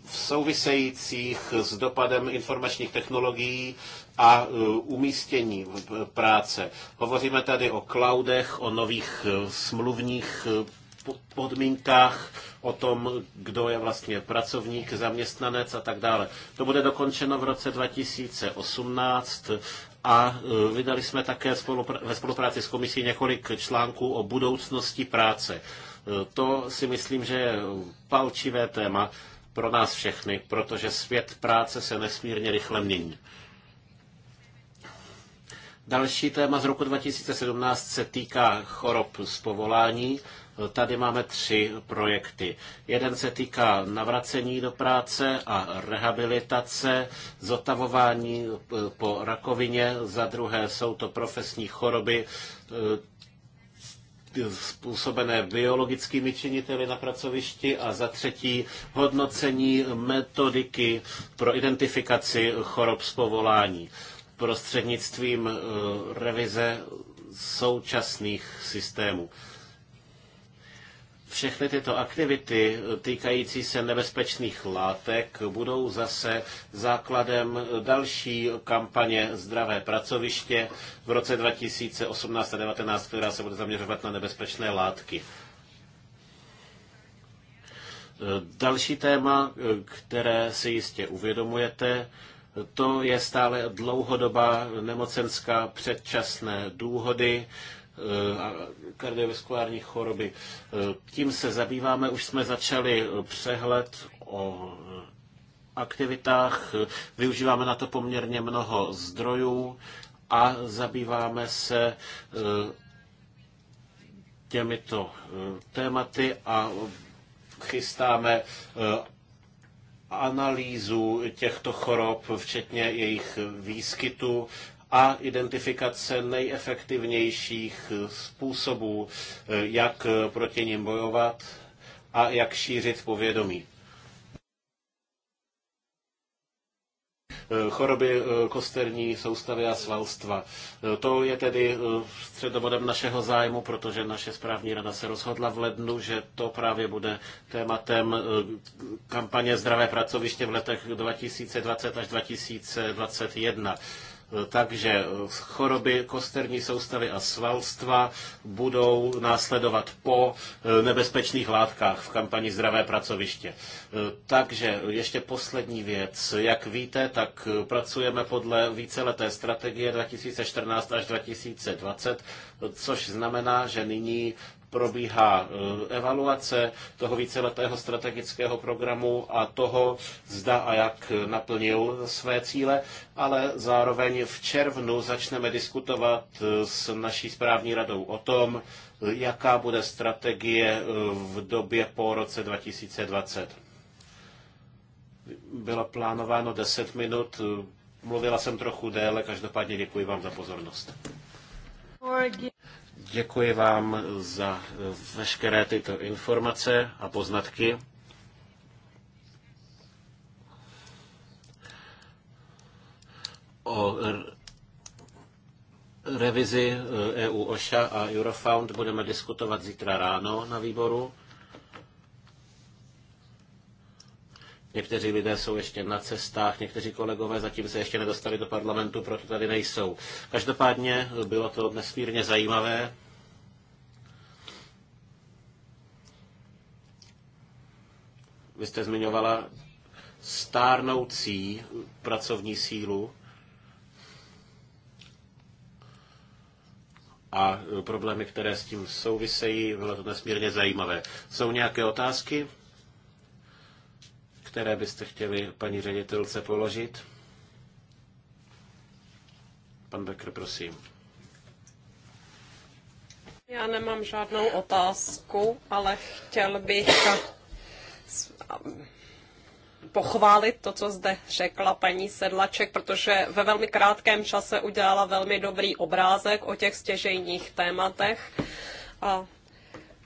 v souvisejících s dopadem informačních technologií a e, umístění e, práce. Hovoříme tady o cloudech, o nových e, smluvních podmínkách, o tom, kdo je vlastně pracovník, zaměstnanec a tak dále. To bude dokončeno v roce 2018 a vydali jsme také ve spolupráci s komisí několik článků o budoucnosti práce. To si myslím, že je palčivé téma pro nás všechny, protože svět práce se nesmírně rychle mění. Další téma z roku 2017 se týká chorob z povolání. Tady máme tři projekty. Jeden se týká navracení do práce a rehabilitace, zotavování po rakovině, za druhé jsou to profesní choroby, způsobené biologickými činiteli na pracovišti a za třetí hodnocení metodiky pro identifikaci chorob z povolání prostřednictvím eh, revize současných systémů všechny tyto aktivity týkající se nebezpečných látek budou zase základem další kampaně Zdravé pracoviště v roce 2018 a 2019, která se bude zaměřovat na nebezpečné látky. Další téma, které si jistě uvědomujete, to je stále dlouhodobá nemocenská předčasné důhody, Eh, kardiovaskulární choroby. Eh, tím se zabýváme, už jsme začali eh, přehled o aktivitách, využíváme na to poměrně mnoho zdrojů a zabýváme se těmito tématy a chystáme analýzu těchto chorob, včetně jejich výskytu a identifikace nejefektivnějších způsobů, eh, jak proti nim bojovat a jak šířit povědomí. Eh, choroby eh, kosterní soustavy a svalstva. To je tedy středobodem našeho zájmu, protože naše správní rada se rozhodla v lednu, že to právě bude tématem kampaně Zdravé pracoviště v letech 2020 až 2021. Takže choroby kosterní soustavy a svalstva budou následovat po eh, nebezpečných látkách v kampani Zdravé pracoviště. Eh, takže ještě poslední věc. Jak víte, tak eh, pracujeme podle víceleté strategie 2014 až 2020, což znamená, že nyní probíhá eh, evaluace toho víceletého strategického programu a toho, zda a jak naplnil své cíle, ale zároveň v červnu začneme diskutovat eh, s naší správní radou o tom, eh, jaká bude strategie v době po roce 2020. Bylo plánováno 10 minut, mluvila jsem trochu déle, každopádně děkuji vám za pozornost. Děkuji vám za eh, veškeré tyto informace a poznatky. O revizi EU eh, e OŠA a Eurofound budeme diskutovat zítra ráno na výboru. Někteří lidé jsou ještě na cestách, někteří kolegové zatím se ještě nedostali do parlamentu, proto tady nejsou. Každopádně bylo to nesmírně zajímavé. Vy jste zmiňovala stárnoucí pracovní sílu a problémy, které s tím souvisejí. Bylo to nesmírně zajímavé. Jsou nějaké otázky, které byste chtěli paní ředitelce položit? Pan Becker, prosím. Já nemám žádnou otázku, ale chtěl bych pochválit to, co zde řekla paní Sedlaček, protože ve velmi krátkém čase udělala velmi dobrý obrázek o těch stěžejních tématech a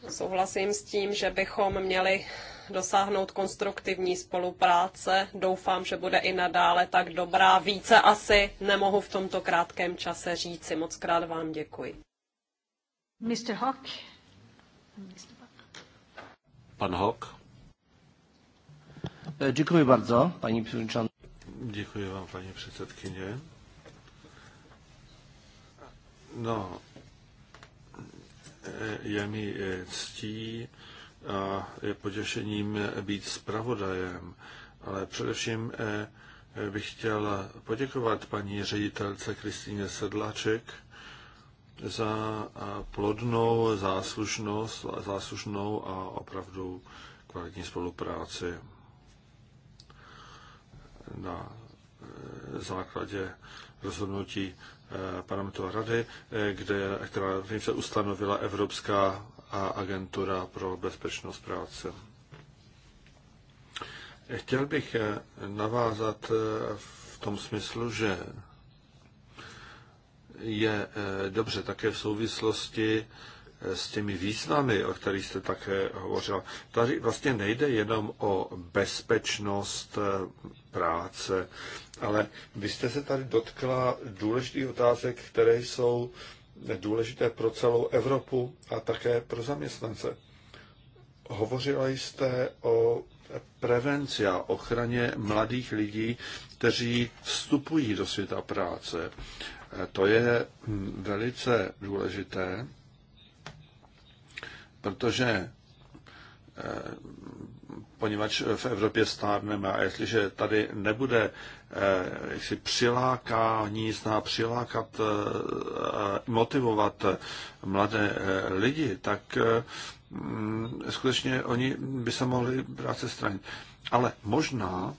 souhlasím s tím, že bychom měli dosáhnout konstruktivní spolupráce. Doufám, že bude i nadále tak dobrá. Více asi nemohu v tomto krátkém čase říci. Moc krát vám děkuji. Mr. Hock. Pan Hock. E, dziękuję bardzo, pani předsedkyně. Dziękuję vám, pani předsedkyně. No, e, ja mi e, czci a je potěšením být zpravodajem, ale především bych chtěl poděkovat paní ředitelce Kristýně Sedláček za plodnou záslužnost, záslužnou a opravdu kvalitní spolupráci na eh, základě rozhodnutí eh, parlamentu a rady, eh, kde, která se ustanovila Evropská agentura pro bezpečnost práce. Chtěl bych navázat v tom smyslu, že je dobře také v souvislosti s těmi významy, o kterých jste také hovořila. Tady vlastně nejde jenom o bezpečnost eh, práce, ale vy jste se tady dotkla důležitých otázek, které jsou důležité pro celou Evropu a také pro zaměstnance. Hovořila jste o prevenci a ochraně mladých lidí, kteří vstupují do světa práce. Eh, to je hm, velice důležité protože eh, poněvadž v Evropě stárneme a jestliže tady nebude eh, jaksi přilákání, zná přilákat, eh, motivovat mladé lidi, tak mm, skutečně oni by se mohli brát se straně. Ale možná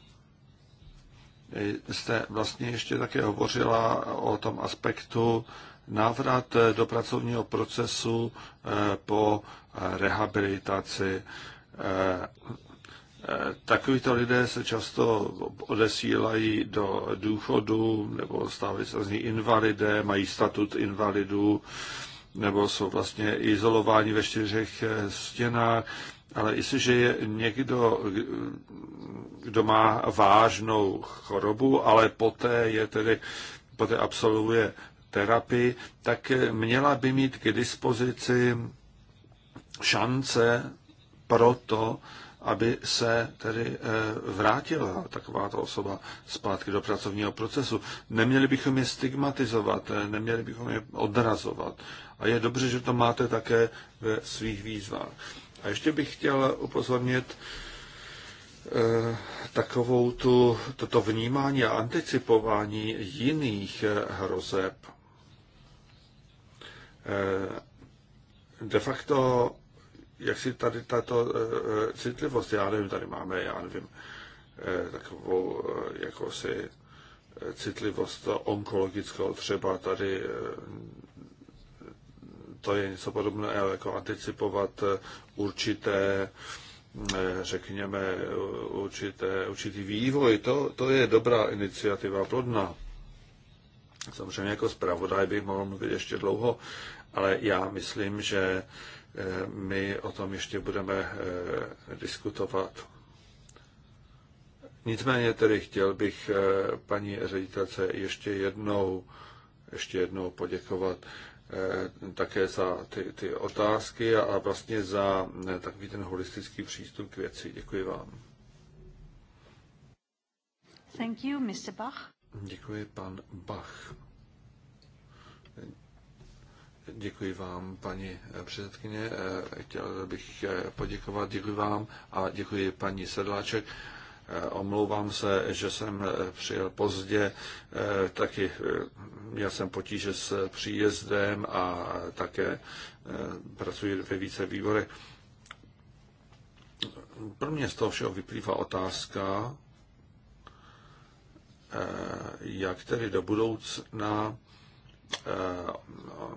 jste vlastně ještě také hovořila o tom aspektu návrat eh, do pracovního procesu eh, po eh, rehabilitaci. Takovýto lidé se často odesílají do důchodu nebo stávají se z nich invalidé, mají statut invalidů nebo jsou vlastně izolováni ve čtyřech stěnách. Ale jestliže je někdo, kdo má vážnou chorobu, ale poté je tedy poté absolvuje terapii, tak měla by mít k dispozici šance pro to, aby se tedy eh, vrátila takováto osoba zpátky do pracovního procesu. Neměli bychom je stigmatizovat, eh, neměli bychom je odrazovat. A je dobře, že to máte také ve svých výzvách. A ještě bych chtěl upozornit eh, takovou tu, toto vnímání a anticipování jiných hrozeb. Eh, de facto, jak si tady tato eh, citlivost, já nevím, tady máme, já nevím, eh, takovou jakousi citlivost onkologickou třeba tady to je něco podobného, jako anticipovat určité, řekněme, určité, určitý vývoj. To, to je dobrá iniciativa, plodná. Samozřejmě jako zpravodaj bych mohl mluvit ještě dlouho, ale já myslím, že eh, my o tom ještě budeme eh, diskutovat. Nicméně tedy chtěl bych eh, paní ředitelce ještě jednou, ještě jednou poděkovat také za ty, ty otázky a vlastně za takový ten holistický přístup k věci. Děkuji vám. Thank you, Mr. Bach. Děkuji, pan Bach. Děkuji vám, paní předsedkyně. Chtěl bych poděkovat, děkuji vám a děkuji paní Sedláček. Omlouvám se, že jsem přijel pozdě, taky měl jsem potíže s příjezdem a také eh, pracuji ve více výborech. Pro mě z toho všeho vyplývá otázka, Eh, jak tedy do budoucna eh,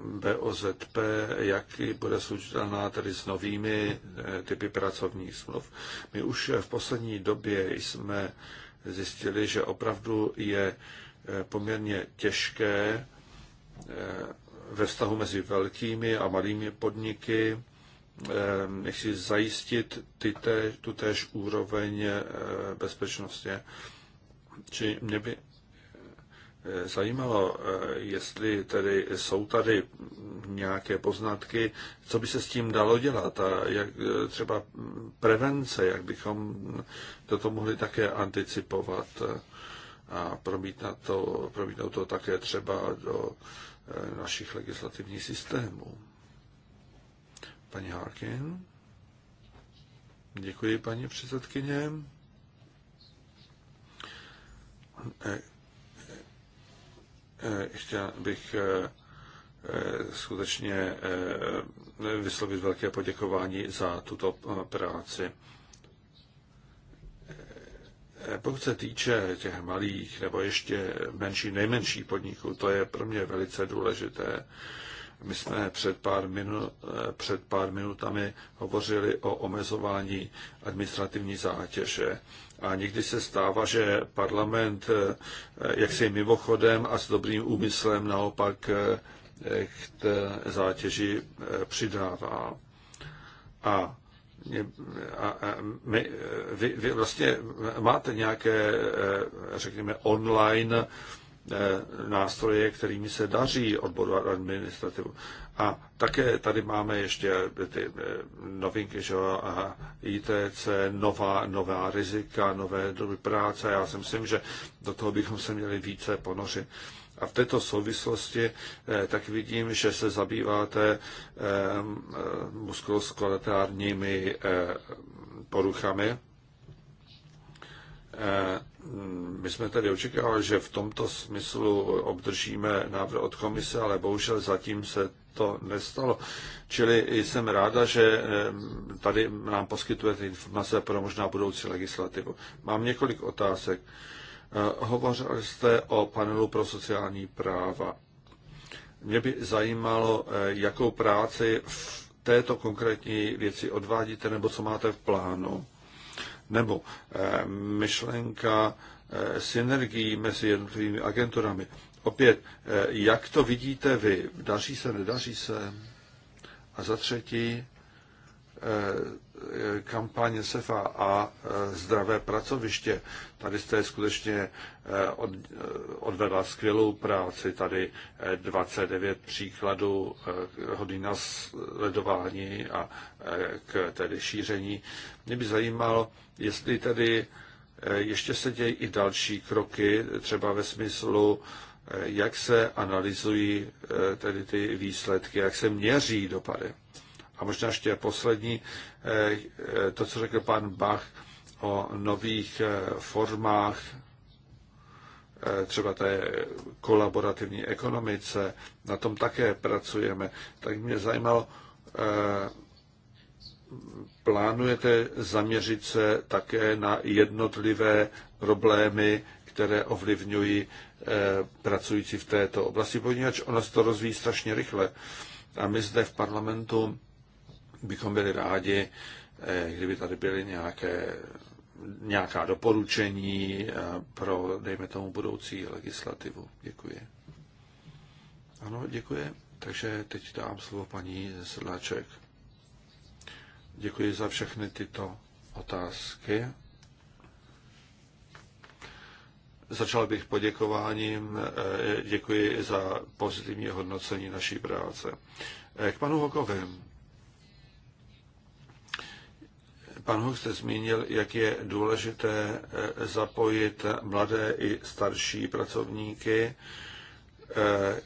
BOZP, jak bude slučitelná tedy s novými eh, typy pracovních smluv. My už v poslední době jsme zjistili, že opravdu je poměrně těžké ve vztahu mezi velkými a malými podniky nechci zajistit ty též, tu též úroveň bezpečnosti. Či mě by eh, zajímalo, eh, jestli tedy jsou tady nějaké poznatky, co by se s tím dalo dělat a jak eh, třeba prevence, jak bychom toto mohli také anticipovat a promítnout to, promítnout to také třeba do našich legislativních systémů. Paní Harkin. Děkuji, paní předsedkyně. chtěl eh, bych eh, eh, skutečně vyslovit velké poděkování za tuto práci. Pokud se týče těch malých nebo ještě menší, nejmenší podniků, to je pro mě velice důležité. My jsme před pár, minu, před pár minutami hovořili o omezování administrativní zátěže. A někdy se stává, že parlament eh, jak jaksi mimochodem a s dobrým úmyslem naopak eh, k té zátěži eh, přidává. A a my, vy, vy vlastně máte nějaké, řekněme, online Eh, nástroje, kterými se daří odborovat administrativu. A také tady máme ještě ty eh, novinky, že a ITC, nová, nová rizika, nové doby práce. Já si myslím, že do toho bychom se měli více ponořit. A v této souvislosti eh, tak vidím, že se zabýváte eh, poruchami Eh, my jsme tedy očekávali, že v tomto smyslu obdržíme návrh od komise, ale bohužel zatím se to nestalo. Čili jsem ráda, že eh, tady nám poskytujete informace pro možná budoucí legislativu. Mám několik otázek. Eh, hovořili jste o panelu pro sociální práva. Mě by zajímalo, jakou práci v této konkrétní věci odvádíte nebo co máte v plánu nebo eh, myšlenka eh, synergií mezi jednotlivými agenturami. Opět, eh, jak to vidíte vy? Daří se, nedaří se? A za třetí, Eh, kampaň SEFA a eh, zdravé pracoviště. Tady jste skutečně eh, odvedla skvělou práci. Tady 29 příkladů hodí na sledování a k tedy šíření. Mě by zajímalo, jestli tedy ještě se dějí i další kroky, třeba ve smyslu, jak se analyzují tedy ty výsledky, jak se měří dopady. A možná ještě poslední, eh, to, co řekl pan Bach o nových eh, formách eh, třeba té kolaborativní ekonomice, na tom také pracujeme, tak mě zajímalo, plánujete zaměřit se také na jednotlivé problémy, které ovlivňují pracující v této oblasti, poněvadž ono se to rozvíjí strašně rychle. A my zde v parlamentu bychom byli rádi, eh, kdyby tady byly nějaké, nějaká doporučení eh, pro, dejme tomu, budoucí legislativu. Děkuji. Ano, děkuji. Takže teď dám slovo paní Sedláček. Děkuji za všechny tyto otázky. Začal bych poděkováním. Eh, děkuji za pozitivní hodnocení naší práce. K panu Hokovi. Pan Huch se zmínil, jak je důležité eh, zapojit mladé i starší pracovníky eh,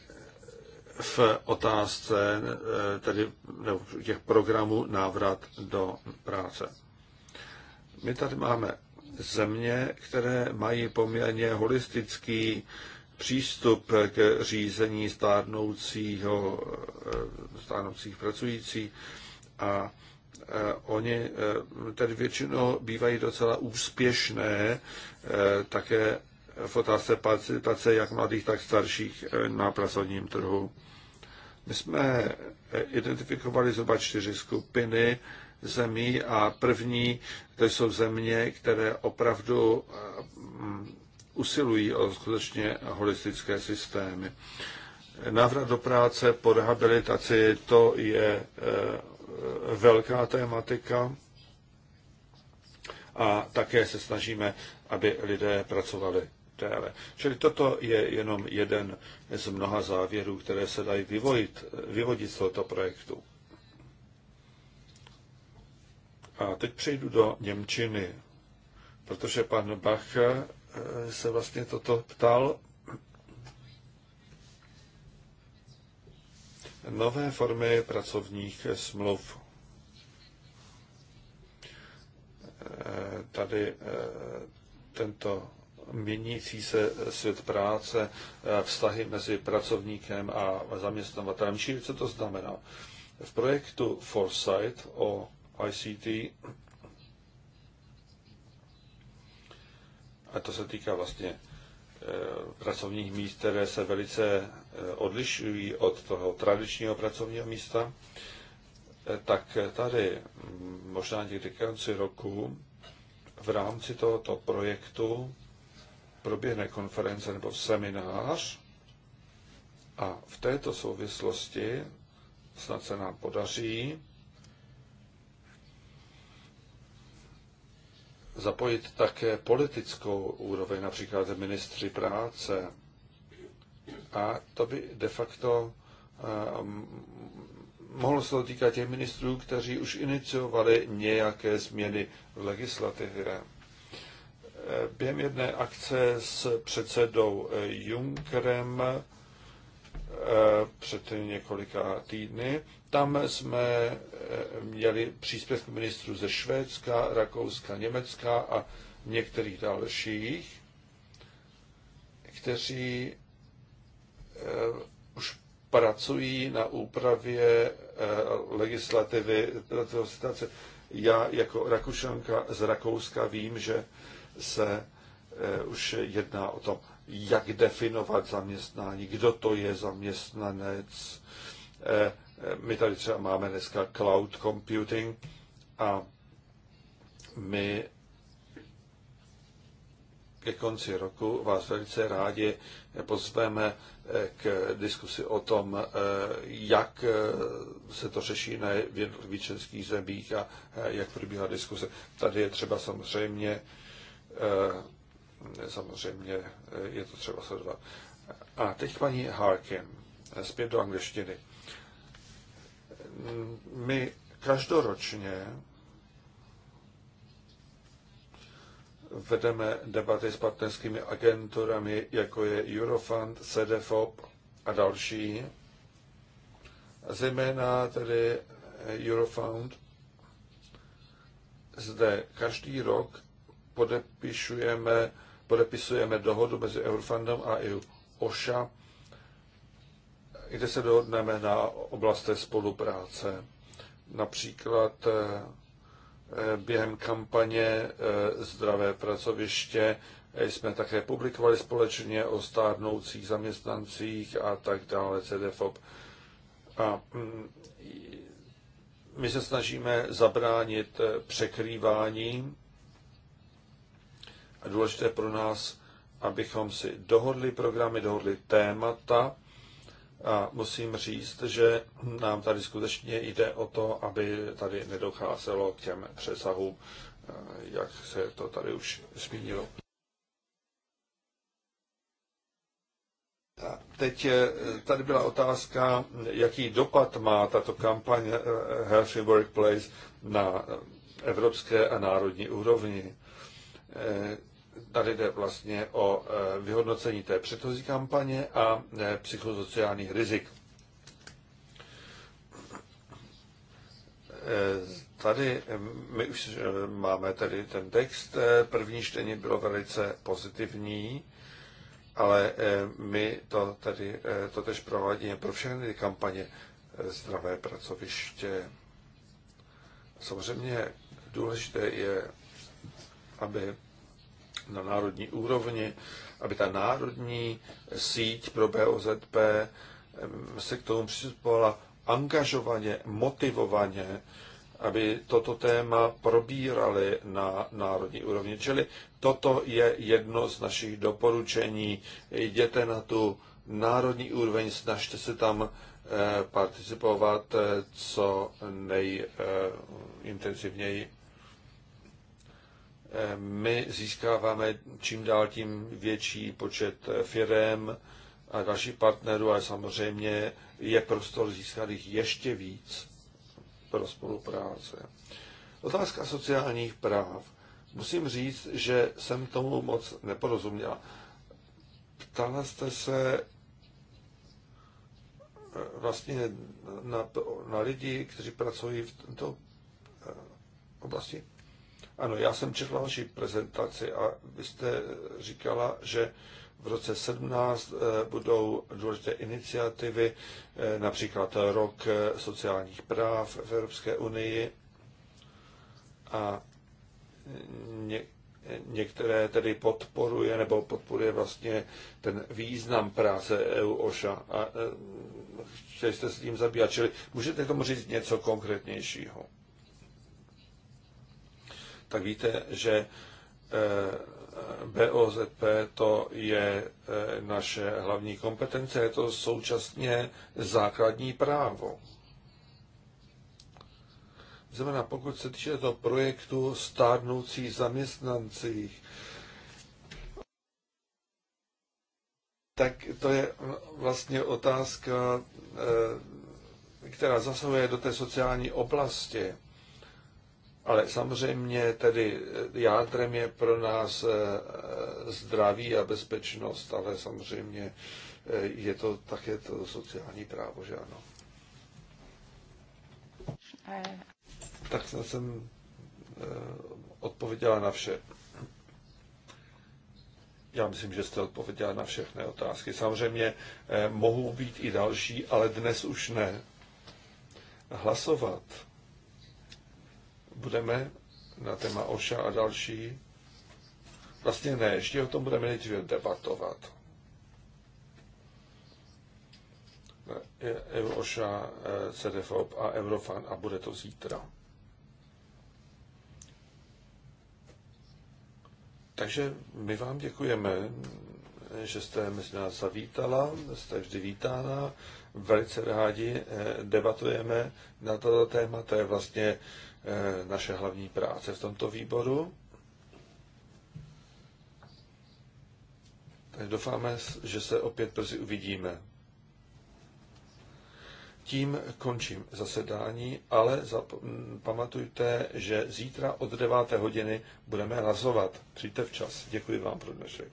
v otázce eh, tedy těch programů návrat do práce. My tady máme země, které mají poměrně holistický přístup k řízení stárnoucího, stárnoucích pracujících a Eh, oni eh, tedy většinou bývají docela úspěšné eh, také v otázce participace jak mladých, tak starších na pracovním trhu. My jsme identifikovali zhruba čtyři skupiny zemí a první to jsou země, které opravdu mm, usilují o skutečně holistické systémy. Návrat do práce po rehabilitaci, to je velká tématika a také se snažíme, aby lidé pracovali déle. Čili toto je jenom jeden z mnoha závěrů, které se dají vyvojit, vyvodit z tohoto projektu. A teď přejdu do Němčiny, protože pan Bach se vlastně toto ptal nové formy pracovních smluv. Tady eh, tento měnící se svět práce, eh, vztahy mezi pracovníkem a zaměstnavatelem. Čili co to znamená? V projektu Foresight o ICT, a to se týká vlastně Eh, pracovních míst, které se velice eh, odlišují od toho tradičního pracovního místa, eh, tak tady mm, možná někdy konci roku v rámci tohoto projektu proběhne konference nebo seminář a v této souvislosti snad se nám podaří zapojit také politickou úroveň, například ministři práce. A to by de facto eh, mohlo se to týkat těch ministrů, kteří už iniciovali nějaké změny v legislativě. Eh, během jedné akce s předsedou eh, Junckerem před několika týdny tam jsme eh, měli příspěvky ministrů ze Švédska, Rakouska, Německa a některých dalších, kteří eh, už pracují na úpravě eh, legislativy situace. Já jako Rakušanka z Rakouska vím, že se už jedná o tom, jak definovat zaměstnání, kdo to je zaměstnanec, Eh, my tady třeba máme dneska cloud computing a my ke konci roku vás velice rádi pozveme eh, k diskusi o tom, eh, jak se to řeší na jednotlivých zemích a jak probíhá diskuse. Tady je třeba samozřejmě, samozřejmě je to třeba sledovat. A teď paní Harkin, zpět do angličtiny my každoročně vedeme debaty s partnerskými agenturami, jako je Eurofund, CDFOP a další, zejména tedy Eurofund. Zde každý rok podepisujeme dohodu mezi Eurofundem a EU OSHA kde se dohodneme na oblasti spolupráce. Například eh, během kampaně eh, Zdravé pracoviště eh, jsme také publikovali společně o stárnoucích zaměstnancích a tak dále, CDFOP. A mm, my se snažíme zabránit překrývání a důležité pro nás, abychom si dohodli programy, dohodli témata, a musím říct, že nám tady skutečně jde o to, aby tady nedocházelo k těm přesahům, eh, jak se to tady už zmínilo. Teď eh, tady byla otázka, jaký dopad má tato kampaň eh, Healthy Workplace na evropské a národní úrovni tady jde vlastně o e, vyhodnocení té předchozí kampaně a e, psychosociálních rizik. E, tady my už máme tady ten text. První čtení bylo velice pozitivní, ale my to tady to tež provádíme pro všechny ty kampaně zdravé pracoviště. Samozřejmě důležité je, aby na národní úrovni, aby ta národní síť pro BOZP eh, se k tomu přistupovala angažovaně, motivovaně, aby toto téma probírali na národní úrovni. Čili toto je jedno z našich doporučení. Jděte na tu národní úroveň, snažte se tam eh, participovat eh, co nejintenzivněji my získáváme čím dál tím větší počet firm a dalších partnerů, ale samozřejmě je prostor získat jich ještě víc pro spolupráce. Otázka sociálních práv. Musím říct, že jsem tomu moc neporozuměla. Ptala jste se eh, vlastně na, na lidi, kteří pracují v této eh, oblasti ano, já jsem četl vaši prezentaci a vy jste říkala, že v roce 17 eh, budou důležité iniciativy, eh, například rok eh, sociálních práv v Evropské unii a ně, některé tedy podporuje nebo podporuje vlastně ten význam práce EU OŠA a chtěli jste se tím zabývat. Čili můžete tomu říct něco konkrétnějšího? tak víte, že eh, BOZP to je eh, naše hlavní kompetence, je to současně základní právo. Znamená, pokud se týče toho projektu stárnoucí zaměstnancích, tak to je vlastně otázka, eh, která zasahuje do té sociální oblasti. Ale samozřejmě tedy eh, jádrem je pro nás eh, zdraví a bezpečnost, ale samozřejmě eh, je to také to sociální právo, že ano. Tak jsem odpověděla na vše. Já myslím, že jste odpověděla na všechny otázky. Samozřejmě mohou být i další, ale dnes už ne. Hlasovat budeme na téma OŠA a další. Vlastně ne, ještě o tom budeme nejdříve debatovat. E, e, OŠA, e, CDFOP a Eurofan a bude to zítra. Takže my vám děkujeme, že jste mezi nás zavítala, jste vždy vítána. Velice rádi debatujeme na toto téma. To je vlastně Eh, naše hlavní práce v tomto výboru. Tak doufáme, že se opět brzy uvidíme. Tím končím zasedání, ale zap- pamatujte, že zítra od 9. hodiny budeme hlasovat. Přijďte včas. Děkuji vám pro dnešek.